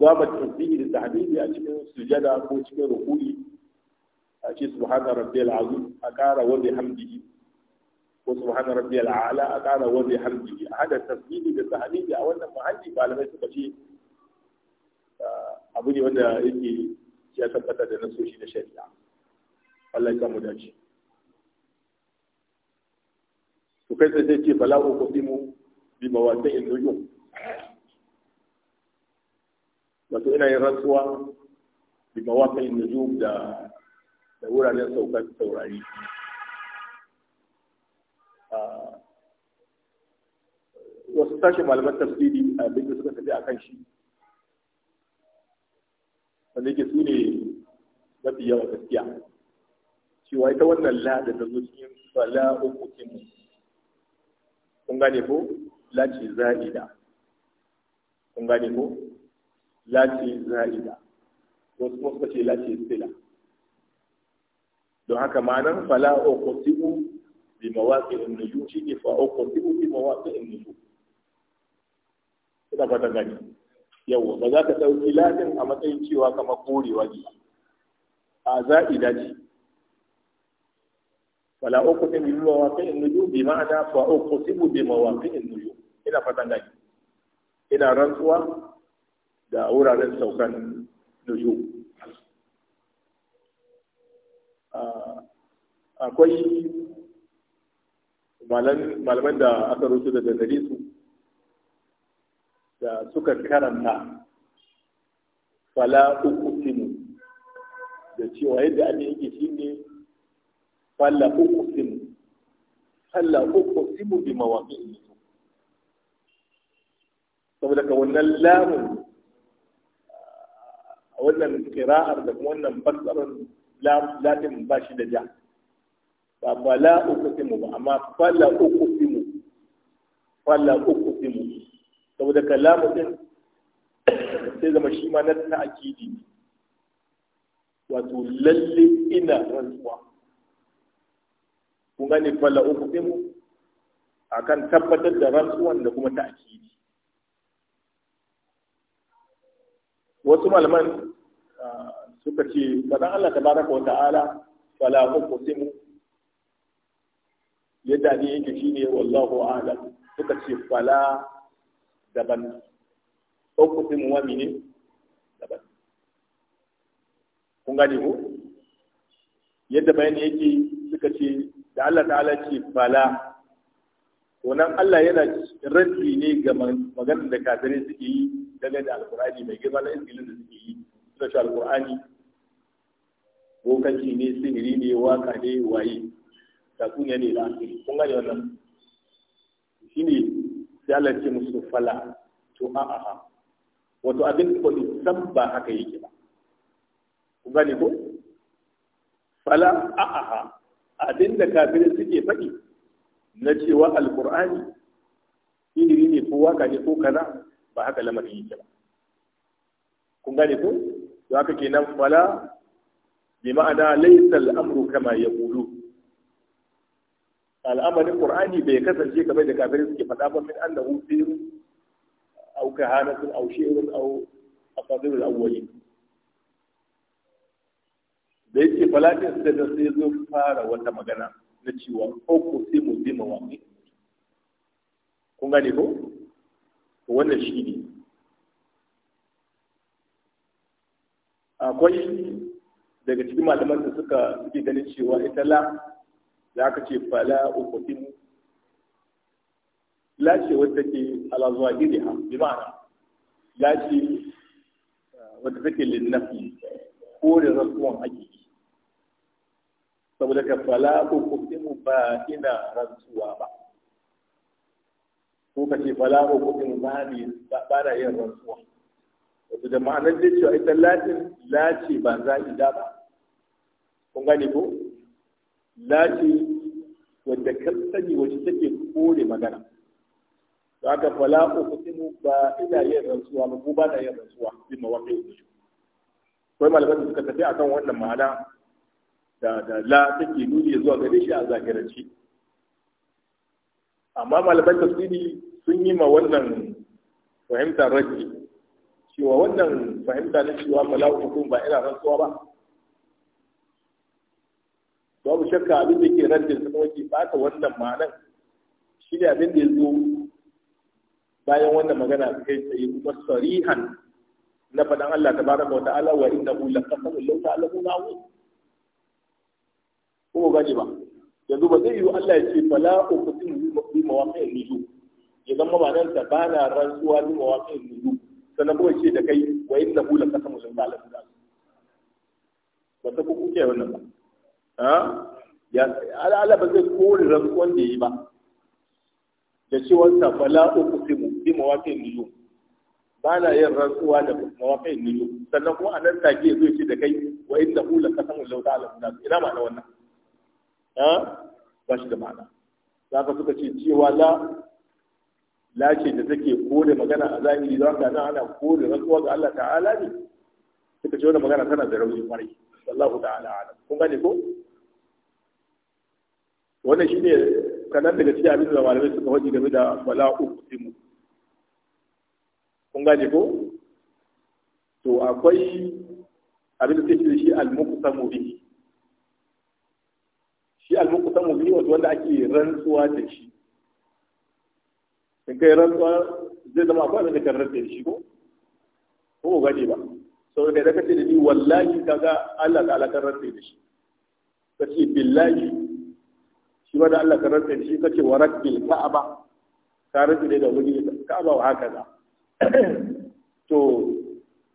gaba tasbihi da tahmidi a cikin sujada ko cikin ruku'i a ce subhana rabbiyal azim a kara wa bihamdihi ko subhana rabbiyal a'la a kara wa bihamdihi hada tasbihi da tahmidi a wannan muhalli malamai suka ce abu ne wanda yake ya tabbata da nasoshi na shari'a Allah ya samu dace to kai sai ce bala ko kudimu bi mawatin yun. wato ina yin rantsuwa bi mawatin nujum da da wuraren saukar taurari wasu tashi malaman tafsiri a da suka tafi a kan shi wanda yake su ne mafi yawa gaskiya cewa ita wannan lada da zo cikin fala ukukimu kun gane ko la za'ida kun gane ko la za'ida wasu kuma suka ce la sila don haka ma'anar fala ukukimu bi mawaqi'in nujum shi ne fa ukukimu bi mawaqi'in nujum ina fata gani yau ba za ka ɗauki latin a matsayin cewa kama korewa ne a za'ida ce wala wa bi mawaqi'in nujum bi ma'ana fa uqsimu bi mawaqi'in nujum ina fatan gani ina rantsuwa da wuraren saukan nujum akwai malaman da aka rusu daga gare su da suka karanta fala sinu da cewa yadda ake yake ne fala sinu fala sinu bi mawaƙi saboda ka wannan lamun a wannan kira'ar da kuma wannan fassarar latin ba shi da ja ba fala sinu ba amma fala sinu fala uku. da kalamu din sai zama shi ma na ta'akidi wato lalle ina rantsuwa kun gane fala uku din akan tabbatar da rantsuwan da kuma ta'akidi wasu malaman suka ce fadan Allah tabaraka wa ta'ala fala uqsimu yadda ne yake shine wallahu a'lam suka ce fala daban uqsimu wa mini daban kun gani ko yadda bayani yake suka ce da Allah ta'ala ce bala nan Allah yana raddi ne ga maganar da kafirai suke yi daga da alkur'ani mai girma na izgilin da suke yi suna shi alkur'ani bokanci ne sihiri ne waka ne waye kunya ne da kun gani wannan shi ne sai Allah ce musu fala to a ha, wato abin ko san ba haka yake ba ku gane ko fala a ha abin da kafirin suke faɗi na cewa alqur'ani iri ne ko waka ne ko kaza ba haka lamarin yake ba kun gane ko to haka kenan fala bi ma'ana laysa al'amru kama yaqulun al'amarin qur'ani bai kasance kamar da kafirai suke faɗa ba min annahu sirru aw kahanatun aw shi'run aw asadirul awwalin da yake falatin su da sai zo fara wata magana na cewa ko sai mu wa ne kun gane ko wannan shi ne akwai daga cikin malaman da suka suke ganin cewa ita la za ka ce fala uqsimu la ce wadda ke ala zawahiriha bi ma'ana la ce eh, wadda take linnafi ko da rasuwan hakiki saboda ka fala uqsimu ba ina rantsuwa ba ko ka ce fala uqsimu ba ni ba na yin rasuwa wato da ma'anar da cewa ita latin la ce ba za'ida ba kun gane ko lati wadda ka sani wacce take kore magana to aka fala uqsimu ba ina yin rantsuwa ba ko ba na yin rantsuwa bin mawaqi'u nujum kai malaman suka tafi akan wannan ma'ana da da la take nuni zuwa gare shi a zahirance amma malaman tafsiri sun yi ma wannan fahimtar raji cewa wannan fahimta na cewa fala uqsimu ba ina rantsuwa ba babu shakka abin da ke raddin su kuma ke bata wannan ma'anan shi ne abin da ya zo bayan wannan magana kai tsaye kuma sarihan na faɗan Allah ta baraka wa ta'ala wa innahu laqasamun law ta'lamuna na'u ko gaji ba yanzu ba zai yi Allah ya ce fala uqsimu bi mawaqi'in nujum ya zama ba nan ta na rantsuwa bi mawaqi'in nujum sannan kuma ce da kai wa innahu laqasamun law ta'lamuna ba ta ku kuke wannan ba ya Allah ba zai kori rantsuwan da yi ba da cewar ta bala uqsimu bi mawaqi'in nujum ba na yin rantsuwa da mawaqi'in nujum sannan kuma a nan take zai ce da kai wa inna hu la wuta law ta'lamu su, ina ma wannan ha ba shi da ma'ana ka suka ce cewa la lace ce da take kore magana a zahiri za ka nan ana kore rantsuwa ga Allah ta'ala ne suka ce wani magana tana da rauni kwarai wallahu ta'ala alam kun gane ko wannan shi ne kanan daga cikin abin da malamai suka faɗi game da bala'u kusimu kun gane ko to akwai abin da take da shi almukusa muqsamu shi al-muqsamu bihi wato wanda ake rantsuwa da shi in kai rantsuwa zai zama akwai abin da kan rantsuwa da shi ko ko ba gane ba sau da ce da ni wallahi kaga Allah ta kan rantsuwa da shi ce billahi shi ba da Allah ka rantsa shi kace wa rabbil ka'aba ka rantsa da wuri ka'aba wa da to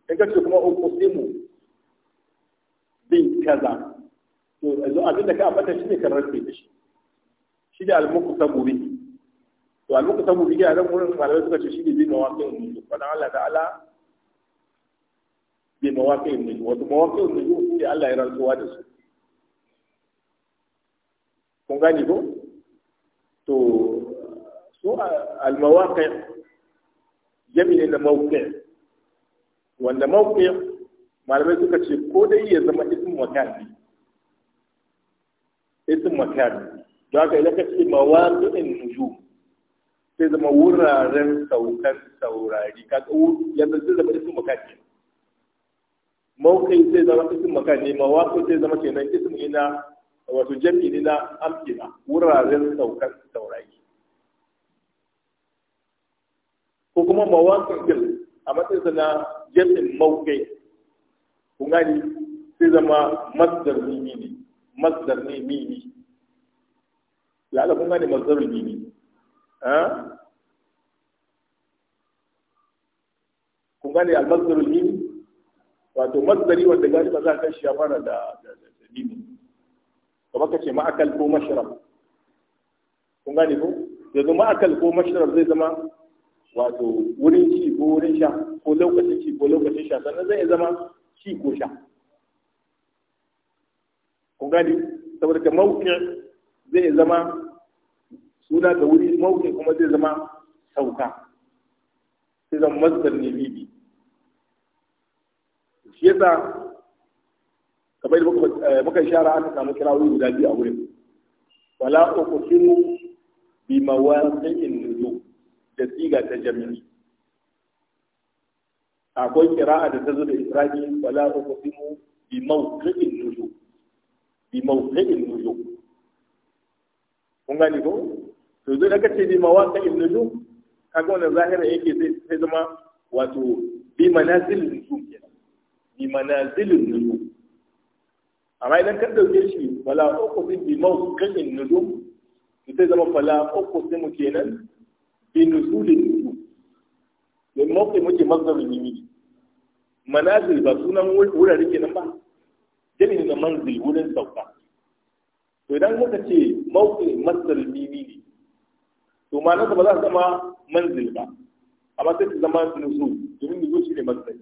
in kace kuma uqsimu bin kaza to azu abin da ka ambata shi ne ka rantsa da shi shi da almuku muqsamu bihi to almuku muqsamu bihi a nan wurin malamai suka ce shi ne bi mawaqi'in nujum fa Allah ta'ala bi mawaqi'in nujum wato mawaqi'in nujum shi Allah ya rantsuwa da su kun gani ko to su almawaqi jami ne na mawqi wanda mawqi malamai suka ce ko dai ya zama ism makani, ne makani, makan don haka idan ka ce mawaqi'in nujum sai zama wuraren saukan saurari ka yanzu zai zama ism makani ne mawqi sai zama ism makani, ne mawaqi sai zama kenan ism ne wato jami'i ne na amkina wuraren saukar sauraki ko kuma mawakil a matsayinsa na jami'in maukai kun gani sai zama masdar mimi ne masdar ne mimi la'ala kun gani masdar mimi kun al-masdar mimi wato masdari wanda ba za ka shi a fara da mimi kamar ka ce ma'akal ko mashirar kun gane ko yanzu ma'akal ko mashirar zai zama wato wurin ci ko wurin sha ko lokacin ci ko lokacin sha sannan zai zama ci ko sha kun gane saboda ka mawuƙi zai zama suna da wuri mawuƙi kuma zai zama sauka sai zama masdar ne bibi shi yasa kamar da muka eh, shara aka samu kirawoyi guda biyu a wurin wala uqsimu bi mawaqi'in nujum da siga ta jami'i akwai kira'a da ta zo da isra'i wala uqsimu bi mawqi'in nujum bi mawqi'in nujum kun gani ko to zai daga ce bi mawaqi'in nujum kaga wannan zahira yake sai zama wato bi manazilin nujum bi manazilin nujum amma idan ka dauke shi fala uqsim bi mawqi'in su sai zama fala mu kenan bi da nujum da mawqi muke mazdarin yimi manazil ba sunan wurare kenan ba jami'in na manzil wurin sauka to idan kuka ce mawqi masdar mimi ne to ma'anarsa ba za zama manzil ba amma sai su zama nuzu domin nuzu shi ne masdar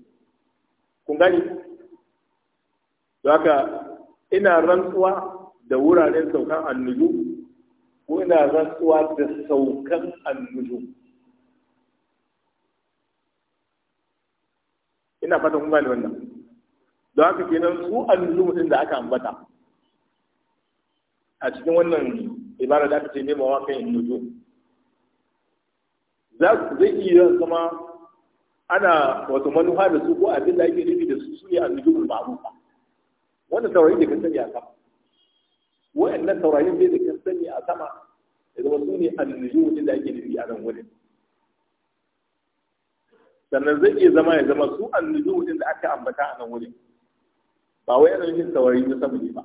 kun gani za ka. ina rantsuwa da wuraren saukan annuju ko ina rantsuwa da saukan annuju ina fata kun gane wannan don haka kenan su annuju din da aka ambata a cikin wannan ibara da aka ce ne mawa kan annuju za zai iya zama ana wato manufa da su ko abin da ake nufi da su su ne annuju ba ba wannan taurari da kan sani a sama wa'annan taurarin dai da kan sani a sama da zama su ne annuju din da ake nufi a nan wurin sannan zai iya zama ya zama su annuju din da aka ambata a nan wurin ba wai ana nufin taurari na sama ne ba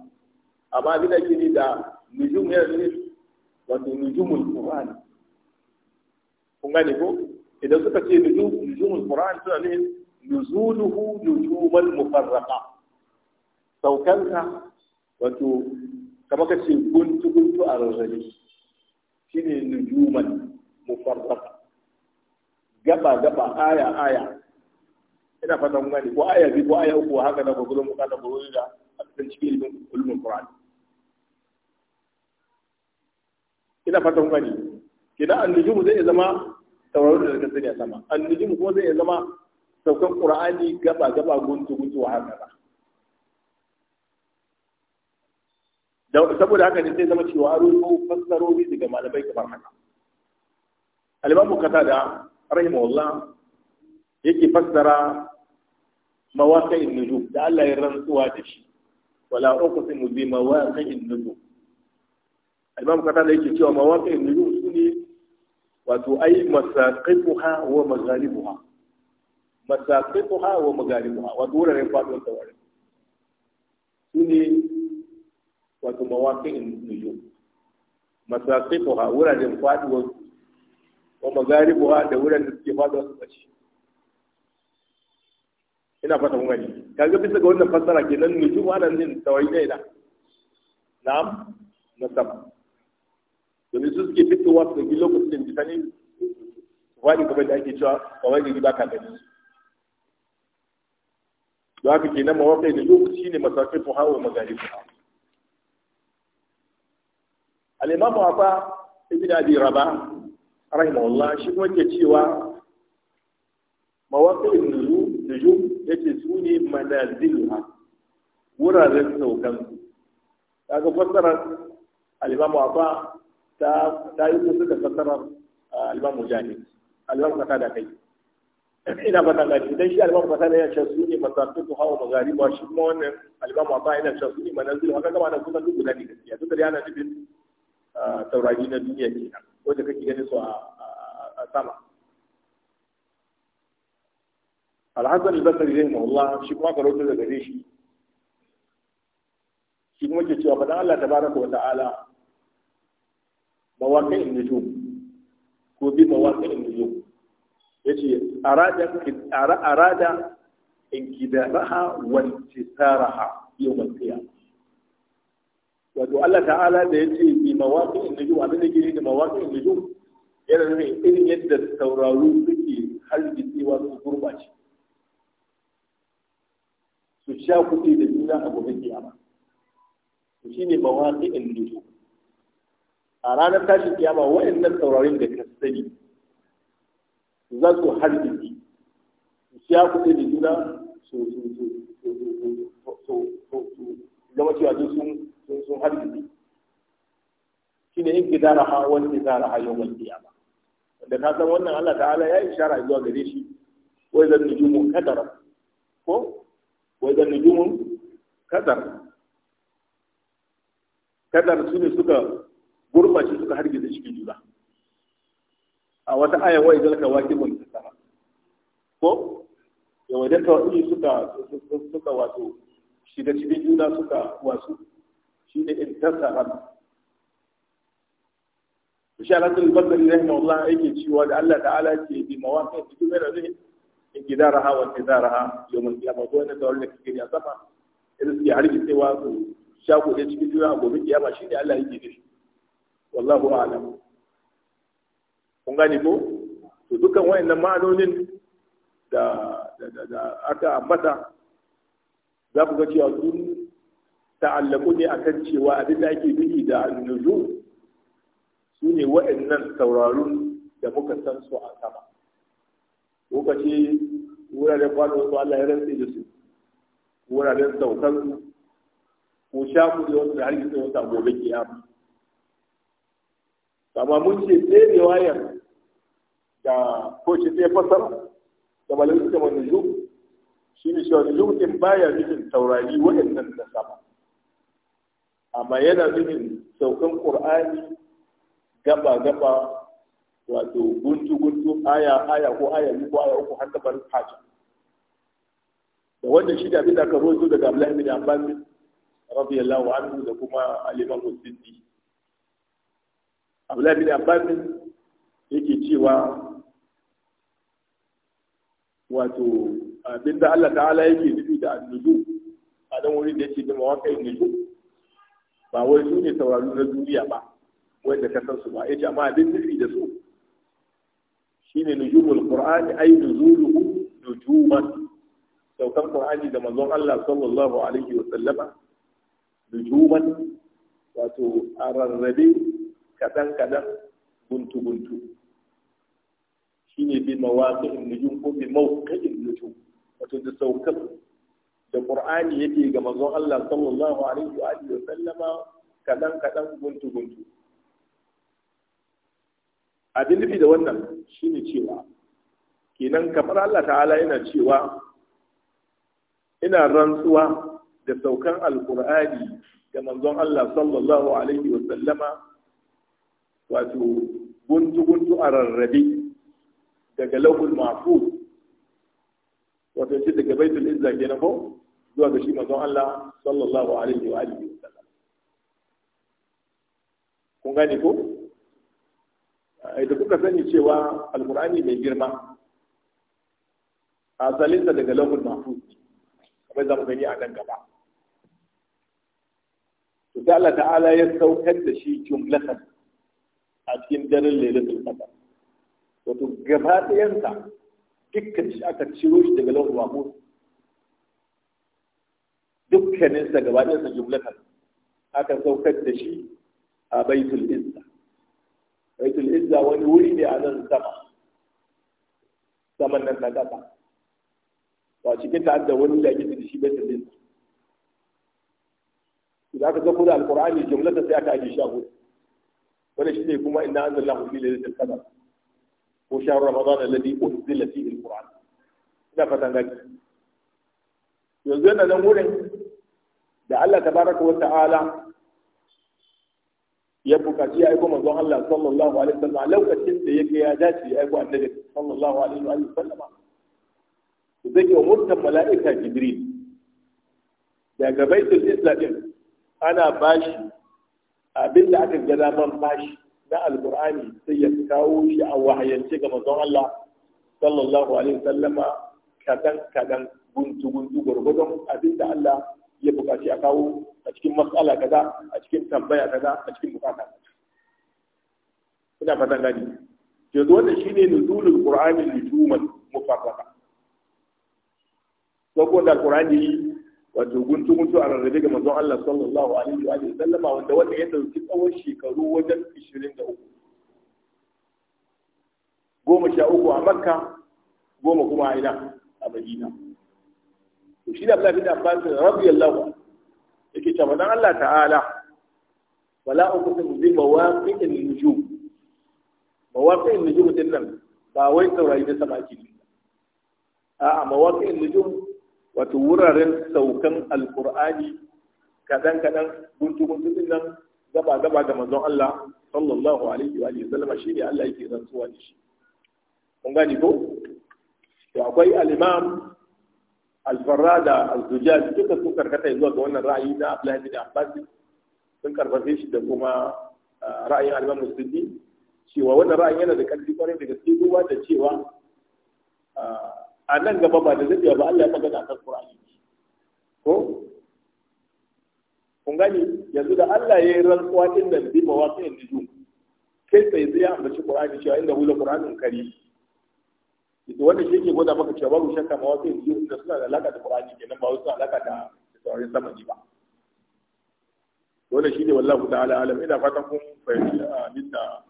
amma abin da ake ne da nujum yana nufin wato nujumul qur'ani kun gane ko idan suka ce nujum nujumul qur'ani suna nufin nuzuluhu nujumal mufarraqa saukanka wato kamar ka ce guntu guntu a rarrabe ne nujuman mufarraq gaba gaba aya aya ina fatan gani ko aya bi ko aya uku haka da gurgurun na gurgurun da a cikin cikin ilimin ulumin qur'an ina fatan gani kidan annujumu zai zama sauraron da ka sani a sama annujumu kuma zai zama saukan qur'ani gaba gaba guntu guntu haka saboda haka ne sai zama cewa a rubo fassarori daga malamai kamar haka alibabu kata da rahimahullah yake fassara in nuzu da Allah ya rantsuwa da shi wala mu bi in nuzu alibabu kata da yake cewa nuzu su ne wato ai masaqiquha wa magharibuha masaqiquha wa magharibuha wato wuraren faɗuwar tawarin sune wato mawaqi'in nujum masaqifuha wuraren faduwar wa magaribuha da wuraren da suke faduwa su bace ina fata mun gani kaga bisa ga wannan fassara kenan nujum ana nan tawayi ne da na'am nasab domin su suke fitowa su ga lokacin da tani wani kamar da ake cewa kawai gari ba ka gani don haka kenan mawaƙai da lokaci ne masakai wa magaribuha al'imamu afa ibn abi raba rahimahullah shi kuma ke cewa mawaƙin nujum yake su ne manaziluha wuraren saukan kaga fassarar al'imamu afa ta yi kusa da fassarar al'imamu jahil al'imamu kasa da kai ina ba nan gani idan shi alimamu kasa da yana cewa su ne masafitu hawa magariba shi kuma wannan alimamu a bayan yana cewa su ne manazil haka gaba na kusan duk guda ne gaskiya duk da yana Saurari na duniya kenan wanda kake gani su a sama alhassan albasari zai Allah shi kuma ka rautar da gare shi shi kuma ke cewa faɗin allah baraka wa ta'ala mawaƙin in yajo ko bi mawaƙin in yajo ya ce arada in kidaraha wa tisaraha yau mai wato allah ta'ala da ya ce mawaƙin nujum abin da ke nufi da mawaƙin nujum yana nufin irin yadda sauraro suke hargitsewa su gurɓace su sha kuɗi da juna a gobe kiyama to mawaƙi in nujum a ranar tashin kiyama waɗannan saurarin da ka sani za su hargitse su sha kuɗi da juna su su su su su su su ne in zara ha gidaraha yawmal qiyamah wanda ka san wannan Allah ta'ala ya shara zuwa gare shi wai zan nujumu kadara ko wai zan nujumu kadar kadar su ne suka gurbace suka hargiza cikin juna a wata aya wai zalka wajibun kasara ko ya wajen tawaɗi suka suka wato shiga cikin juna suka wasu shi ne in hannu shi ala sun bakar ne ma Allah yake cewa da Allah ta'ala ke bi mawaqi cikin da zai ikidaraha wa ikidaraha yawmal qiyama ko ne da wannan kike ya sama idan suke harbi cewa su shago da cikin juna gobe kiyama shine Allah yake da shi wallahu a'lam kun gane ko to dukkan wayannan ma'anonin da aka ambata za ku ga cewa sun ta'allaku ne akan cewa abin da ake bi da nuzul su ne waɗannan sauraron da muka san su a sama lokaci wuraren kwano su Allah ya rantse da su wuraren saukan su ko shafu da wasu da har yi sai wasu gobe kiyama amma mun ce tsere wayar da ko shi tsaye fasar da malamin suka ma nujum shi ne cewa nujum baya nufin taurari waɗannan da sama amma yana nufin saukan ƙur'ani gaba gaba wato guntu guntu aya aya ko aya ni ko aya uku har ta bar haja da wannan shi da bin da ka rozo daga Abdullahi bin Abbas radiyallahu anhu da kuma al-Imam Siddi Abdullahi bin Abbas yake cewa wato da Allah ta'ala yake nufi da annuzu a dan wurin da yake da mawaƙai nuzu ba wai su ne sauraro na duniya ba wanda ka san su ba yace amma abin nufi da su shine nujumul qur'ani ay nuzuluhu nujuman saukan qur'ani da manzon Allah sallallahu alaihi wa sallama nujuman wato a rarrabe kadan kadan guntu guntu shine bi mawaqi'in nujum ko bi mawqi'in nujum wato da saukan da qur'ani yake ga manzon Allah sallallahu alaihi wa sallama kadan kadan guntu guntu abin nufi da wannan shine cewa kenan kamar Allah ta'ala yana cewa ina rantsuwa da saukan alkur'ani da manzon Allah sallallahu alaihi wa sallama wato guntu guntu a rarrabe daga lauhul mahfuz wato ce daga baitul izza kenan ko zuwa ga shi manzon Allah sallallahu alaihi wa alihi kun gane ko da kuka sani cewa alkur'ani mai girma a asalinsa daga lokacin mafu kamar mu gani a nan gaba to Allah ta'ala ya saukar da shi jumlatan a cikin daren lailatul qadar wato gaba ɗayansa dukkan shi aka ciro shi daga lokacin mafu dukkaninsa gaba ɗayansa jumlatan aka saukar da shi a baitul izza izza wani wuri ne a nan sama saman nan na ƙasa ba cikin ta da wani da ake da shi baitul izza idan aka zafo da alqur'ani jumlata sai aka ajiye shi a gudu wannan shine kuma ina an inna anzalahu fi lailatul qadr ko shahr ramadan alladhi unzila fihi alqur'an ina fatan gaki yanzu yana nan wurin da Allah tabaraka wa ta'ala ya bukaci ya aiko manzon Allah sallallahu alaihi wasallam lokacin da yake ya dace ya aiko annabi sallallahu alaihi wasallam zai yi umurtar mala'ika jibril daga baitul islam ana bashi abin da aka gada man bashi na alqur'ani sai ya kawo shi a wahayance ga manzon Allah sallallahu alaihi wasallama kadan kadan guntu guntu gurgudun abin da Allah ya buƙaci a kawo a cikin matsala kaza a cikin tambaya kaza a cikin bukata ina fatan gani yanzu wannan shine nuzulul qur'ani lijuman mufarraka sako da qur'ani wato guntu guntu a rarrabe ga manzon Allah sallallahu alaihi wa sallama wanda wanda ya dauki tsawon shekaru wajen 23 goma sha uku a makka goma kuma a ina a madina to shi da Allah bin Abbas radiyallahu yake cewa dan Allah ta'ala wala uqsimu bi mawaqi'in nujum mawaqi'in nujum din nan ba wai saurayi da sama ake a'a mawaqi'in nujum wato wuraren saukan alqur'ani kadan kadan guntu guntu din nan gaba gaba ga manzon Allah sallallahu alaihi wa sallam shi ne Allah yake rantsuwa da shi kun gani ko to akwai al-imam alfarra da alzujaj duka sun karkata zuwa ga wannan ra'ayi na Abdullahi bin Abbas sun karfafe shi da kuma ra'ayin al Musulmi cewa wannan ra'ayin yana da karfi kwarai da gaske duba da cewa a nan gaba ba da zai ba Allah ya magana akan kur'ani ko kun gani yanzu da Allah ya yi rantsuwa inda nan bi mawaqi'in yanzu kai tsaye zai ambaci kur'ani cewa inda hula kur'anin karim wanda shi ke gwada maka cewa babu shakka ma wasu yanzu da suna da alaka da Qur'ani kenan ba wasu alaka da sauran samani ba wanda shi ne wallahu ta'ala alam ina fatan kun fahimci ah, abin da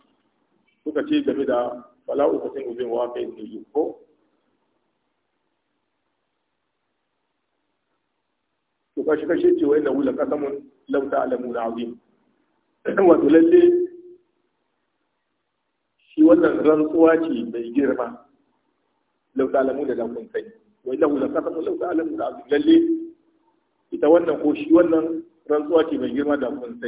kuka ce game da fala'u fasin ubin wa kai ne ko to ka shi ce wa inna wula qasamun law ta'lamu azim wato lalle shi wannan rantsuwa ce mai girma lau ta'lamu da kun sani wa illahu la qasamu lau ta'lamu da azim lalle ita wannan ko shi wannan rantsuwa ce mai girma da kun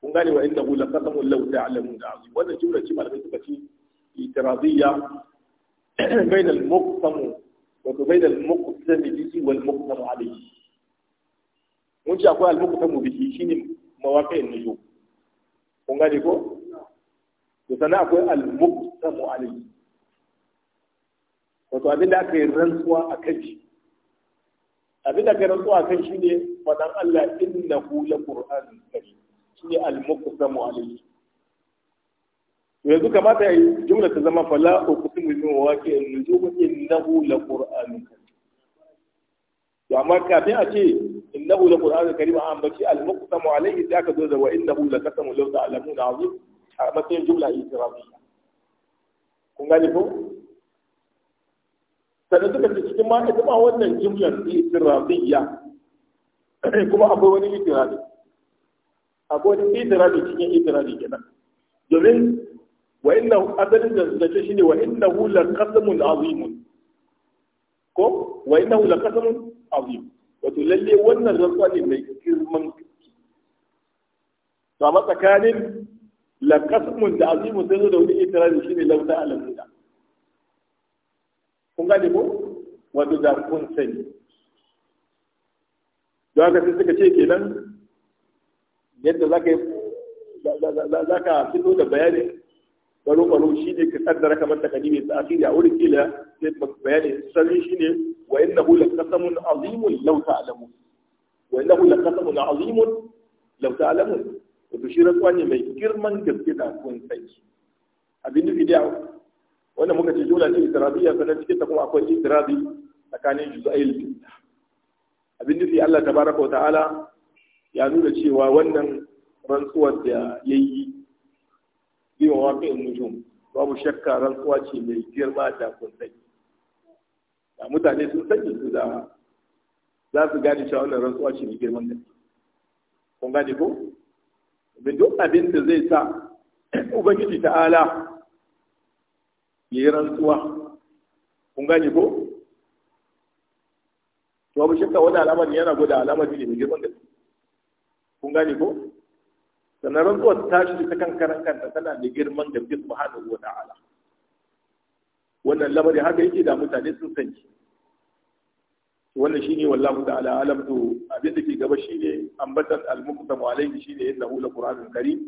kun gane wa innahu la qasamu lau ta'lamu da azim wannan jumla ce malamai suka ce itiraziyya bain mun ce akwai al-muqsam bihi shine mawaqi'in nujum kun gane ko to akwai al alayhi wato abin da aka yi rantsuwa a kan shi abin da aka yi rantsuwa a kan shi ne faɗan Allah inna hu la qur'anun karim shi ne al-muqsamu alayhi yanzu kamata yi jumla ta zama fala uqsimu bi mawaqi'in nujum hu la qur'anun karim to amma kafin a ce hu la qur'anun karim an bace al-muqsamu alayhi sai aka zo da wa hu la qasamu law ta'lamuna azim a matsayin jumla itirafiyya kun gane ko sannan suka ce cikin ma ita ma wannan jimlar itirafiyya kuma akwai wani itirafi akwai wani itirafi cikin itirafi kenan domin wa inna asalin da zace shine wa inna hu la qasamun azim ko wa inna hu la qasamun azim wato lalle wannan rantsuwa ne mai girman to amma tsakanin la qasamun da azimun sai zo da wani itirafi shine lauta alamun da kunga gane ko wato da kun sani don haka sai suka ce kenan yadda za ka za ka fito da bayani baro baro shi ne ka kaddara kamar ta kadimi ta asiri a wurin kila sai bayani sarri shi ne wa innahu kasamun azimun law ta'lamun wa innahu lakasamun azimun law ta'lamun wato shi rantsuwa ne mai girman gaske da kun sai abin nufi da wannan muka ce jumla ce itirabiyya sannan cikin ta kuma akwai itirabi tsakanin juz'ail bitta abin nufi Allah tabaraka wa ta'ala ya nuna cewa wannan rantsuwar da yayi bi wa waqi'in nujum babu shakka rantsuwa ce mai girma da kunsai da mutane sun sani su da za su gane cewa wannan rantsuwa ce mai girman gaske kun gane ko duk abin da zai sa ubangiji ta'ala ya tuwa kun gane ko to abu shakka wani alamar yana gwada alamar ne mai girman gaske kun gane ko sannan rantsuwar ta shi ta kan karan kanta tana da girman da gaske subhanahu wa ta'ala wannan lamari haka yake da mutane sun sanki wannan shi ne wallahu ta'ala alam to abin da ke gaba ne. ambatan al-muqtam alayhi ne innahu la qur'anun karim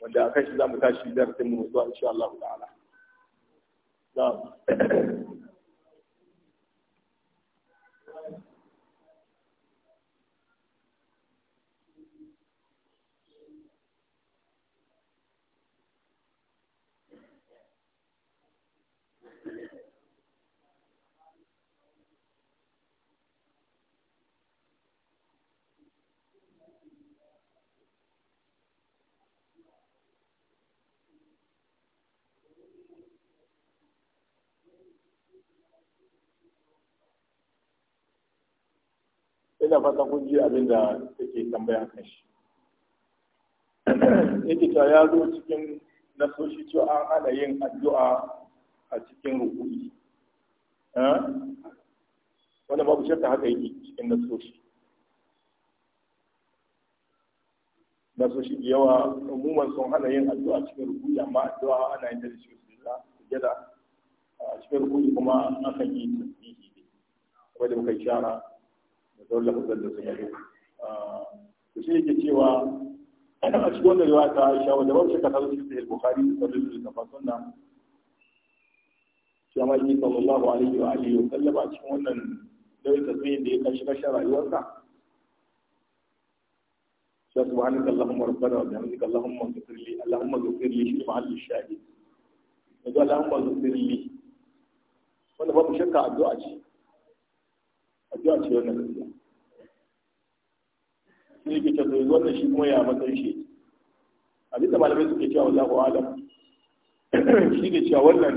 wanda akan shi zamu tashi darasin mu zuwa insha Allah ta'ala Now, da fata kun ji abin da take tambaya kan shi yake ta ya zo cikin na nasoshi cewa an ana yin addu'a a cikin rukuni eh? wanda babu shakka haka yake cikin na na nasoshi da yawa umuman sun hana yin addu'a cikin rukuni amma addu'a ana yin da shi sujada a cikin rukuni kuma aka yi tasbihi ne wanda muka shara don lafazan da suka yi to shi yake cewa a cikin wannan riwaya ta Aisha wanda babu shakka ta zo cikin sahih Bukhari da sallallahu da wasallam sunna shi ma yi sallallahu alaihi wa alihi wa sallam a cikin wannan dawai tasbihin da ya kashi kashin rayuwarsa shi subhanaka allahumma rabbana wa bihamdika allahumma ighfir li allahumma ighfir li shi ma'al shahid yanzu allahumma ighfir li wanda babu shakka addu'a ce addu'a ce wannan sai yake ta zai wannan shi kuma ya matsayin shi abin da malamai suke cewa wallahu alam shi ne cewa wannan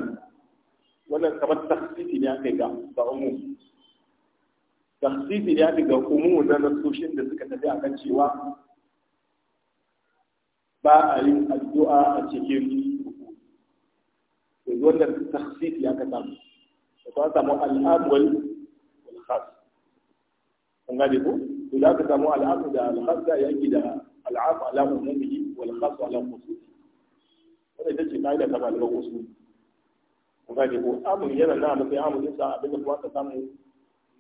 wannan kamar taksisi ne aka yi ga ba umu taksisi ne aka ga umu na nasoshin da suka tafi akan cewa ba a yin addu'a a cikin ruku yanzu wannan taksisi aka samu da ta samu al'amwal wal khas kun gane ko to da ka samu al'amu da al'asa yaki da al'amu ala umumi wal khasu ala khususi wannan ita ce kaida ta malaman usuli ku gane ko amun yana na mutai amun yasa abinda kuma ka samu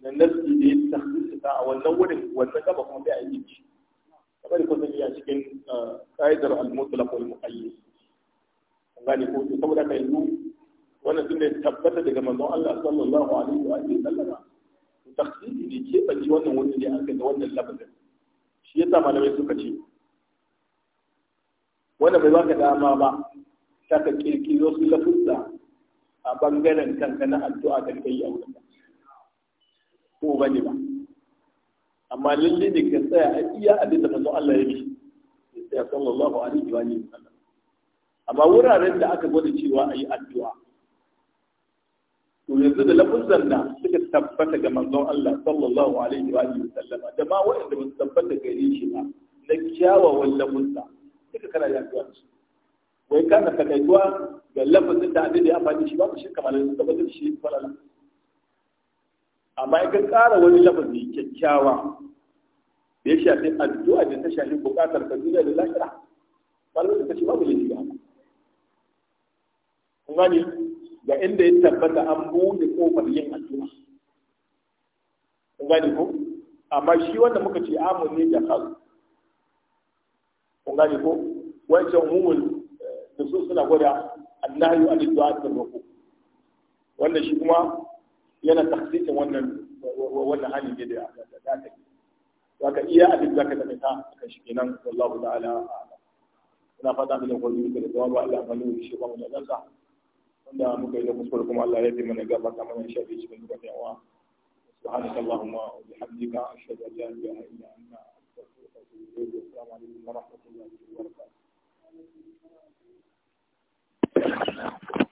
na nafsi da ya takhsisa a wannan wurin wannan gaba kuma bai aiki shi kamar ko sai ya cikin uh, kaidar al-mutlaq wal muqayyad kun gane ko to saboda kai yanzu wannan sunne tabbata daga manzon Allah sallallahu alaihi wa sallama taksisi ne ke baki wannan wani ne an da wannan labarin. shi ya sa malamai suka ce wanda bai baka dama ba ta ka kirkiro su lafuzza a bangaren kanka na addu'a da kai a wurin ko ba ne ba amma lalle ne ka tsaya a iya abin da manzo Allah ya yi ya tsaya sallallahu alaihi wa sallam amma wuraren da aka gwada cewa a yi addu'a to yanzu da lafuzan na suka tabbata ga manzon Allah sallallahu alaihi wa sallama da ma waɗanda ba su tabbata gare shi ba na kyawawan lafuzan suka kana da zuwa su wai kana takaituwa ga lafuzan da annabi ya faɗi shi ba ku shirka malamin su tabbatar shi falala amma ya kara ƙara wani lafazi kyakkyawa da ya shafi addu'a da ta shafi buƙatar ka zuwa da lahira Ba lallai ka ce babu laifi ba kun gani ga inda ya tabbata an buɗe kofar yin addu'a kun ko amma shi wanda muka ce amun ne da kasu kun gane ko wancan umumul eh, da su suna gwada annahu an addu'a da roƙo wanda shi kuma yana tafsirin wannan wannan halin da ya da ta zaka iya abin zaka da ta kan shi kenan wallahu ta'ala ina fata mun gwada da jawabu Allah bani shi ba mun da wanda muka yi da kuskure kuma Allah ya dima ne gaba ta mana insha Allah cikin duka yawa subhanaka allahumma wa bihamdika ashhadu an la ilaha illa anta astaghfiruka wa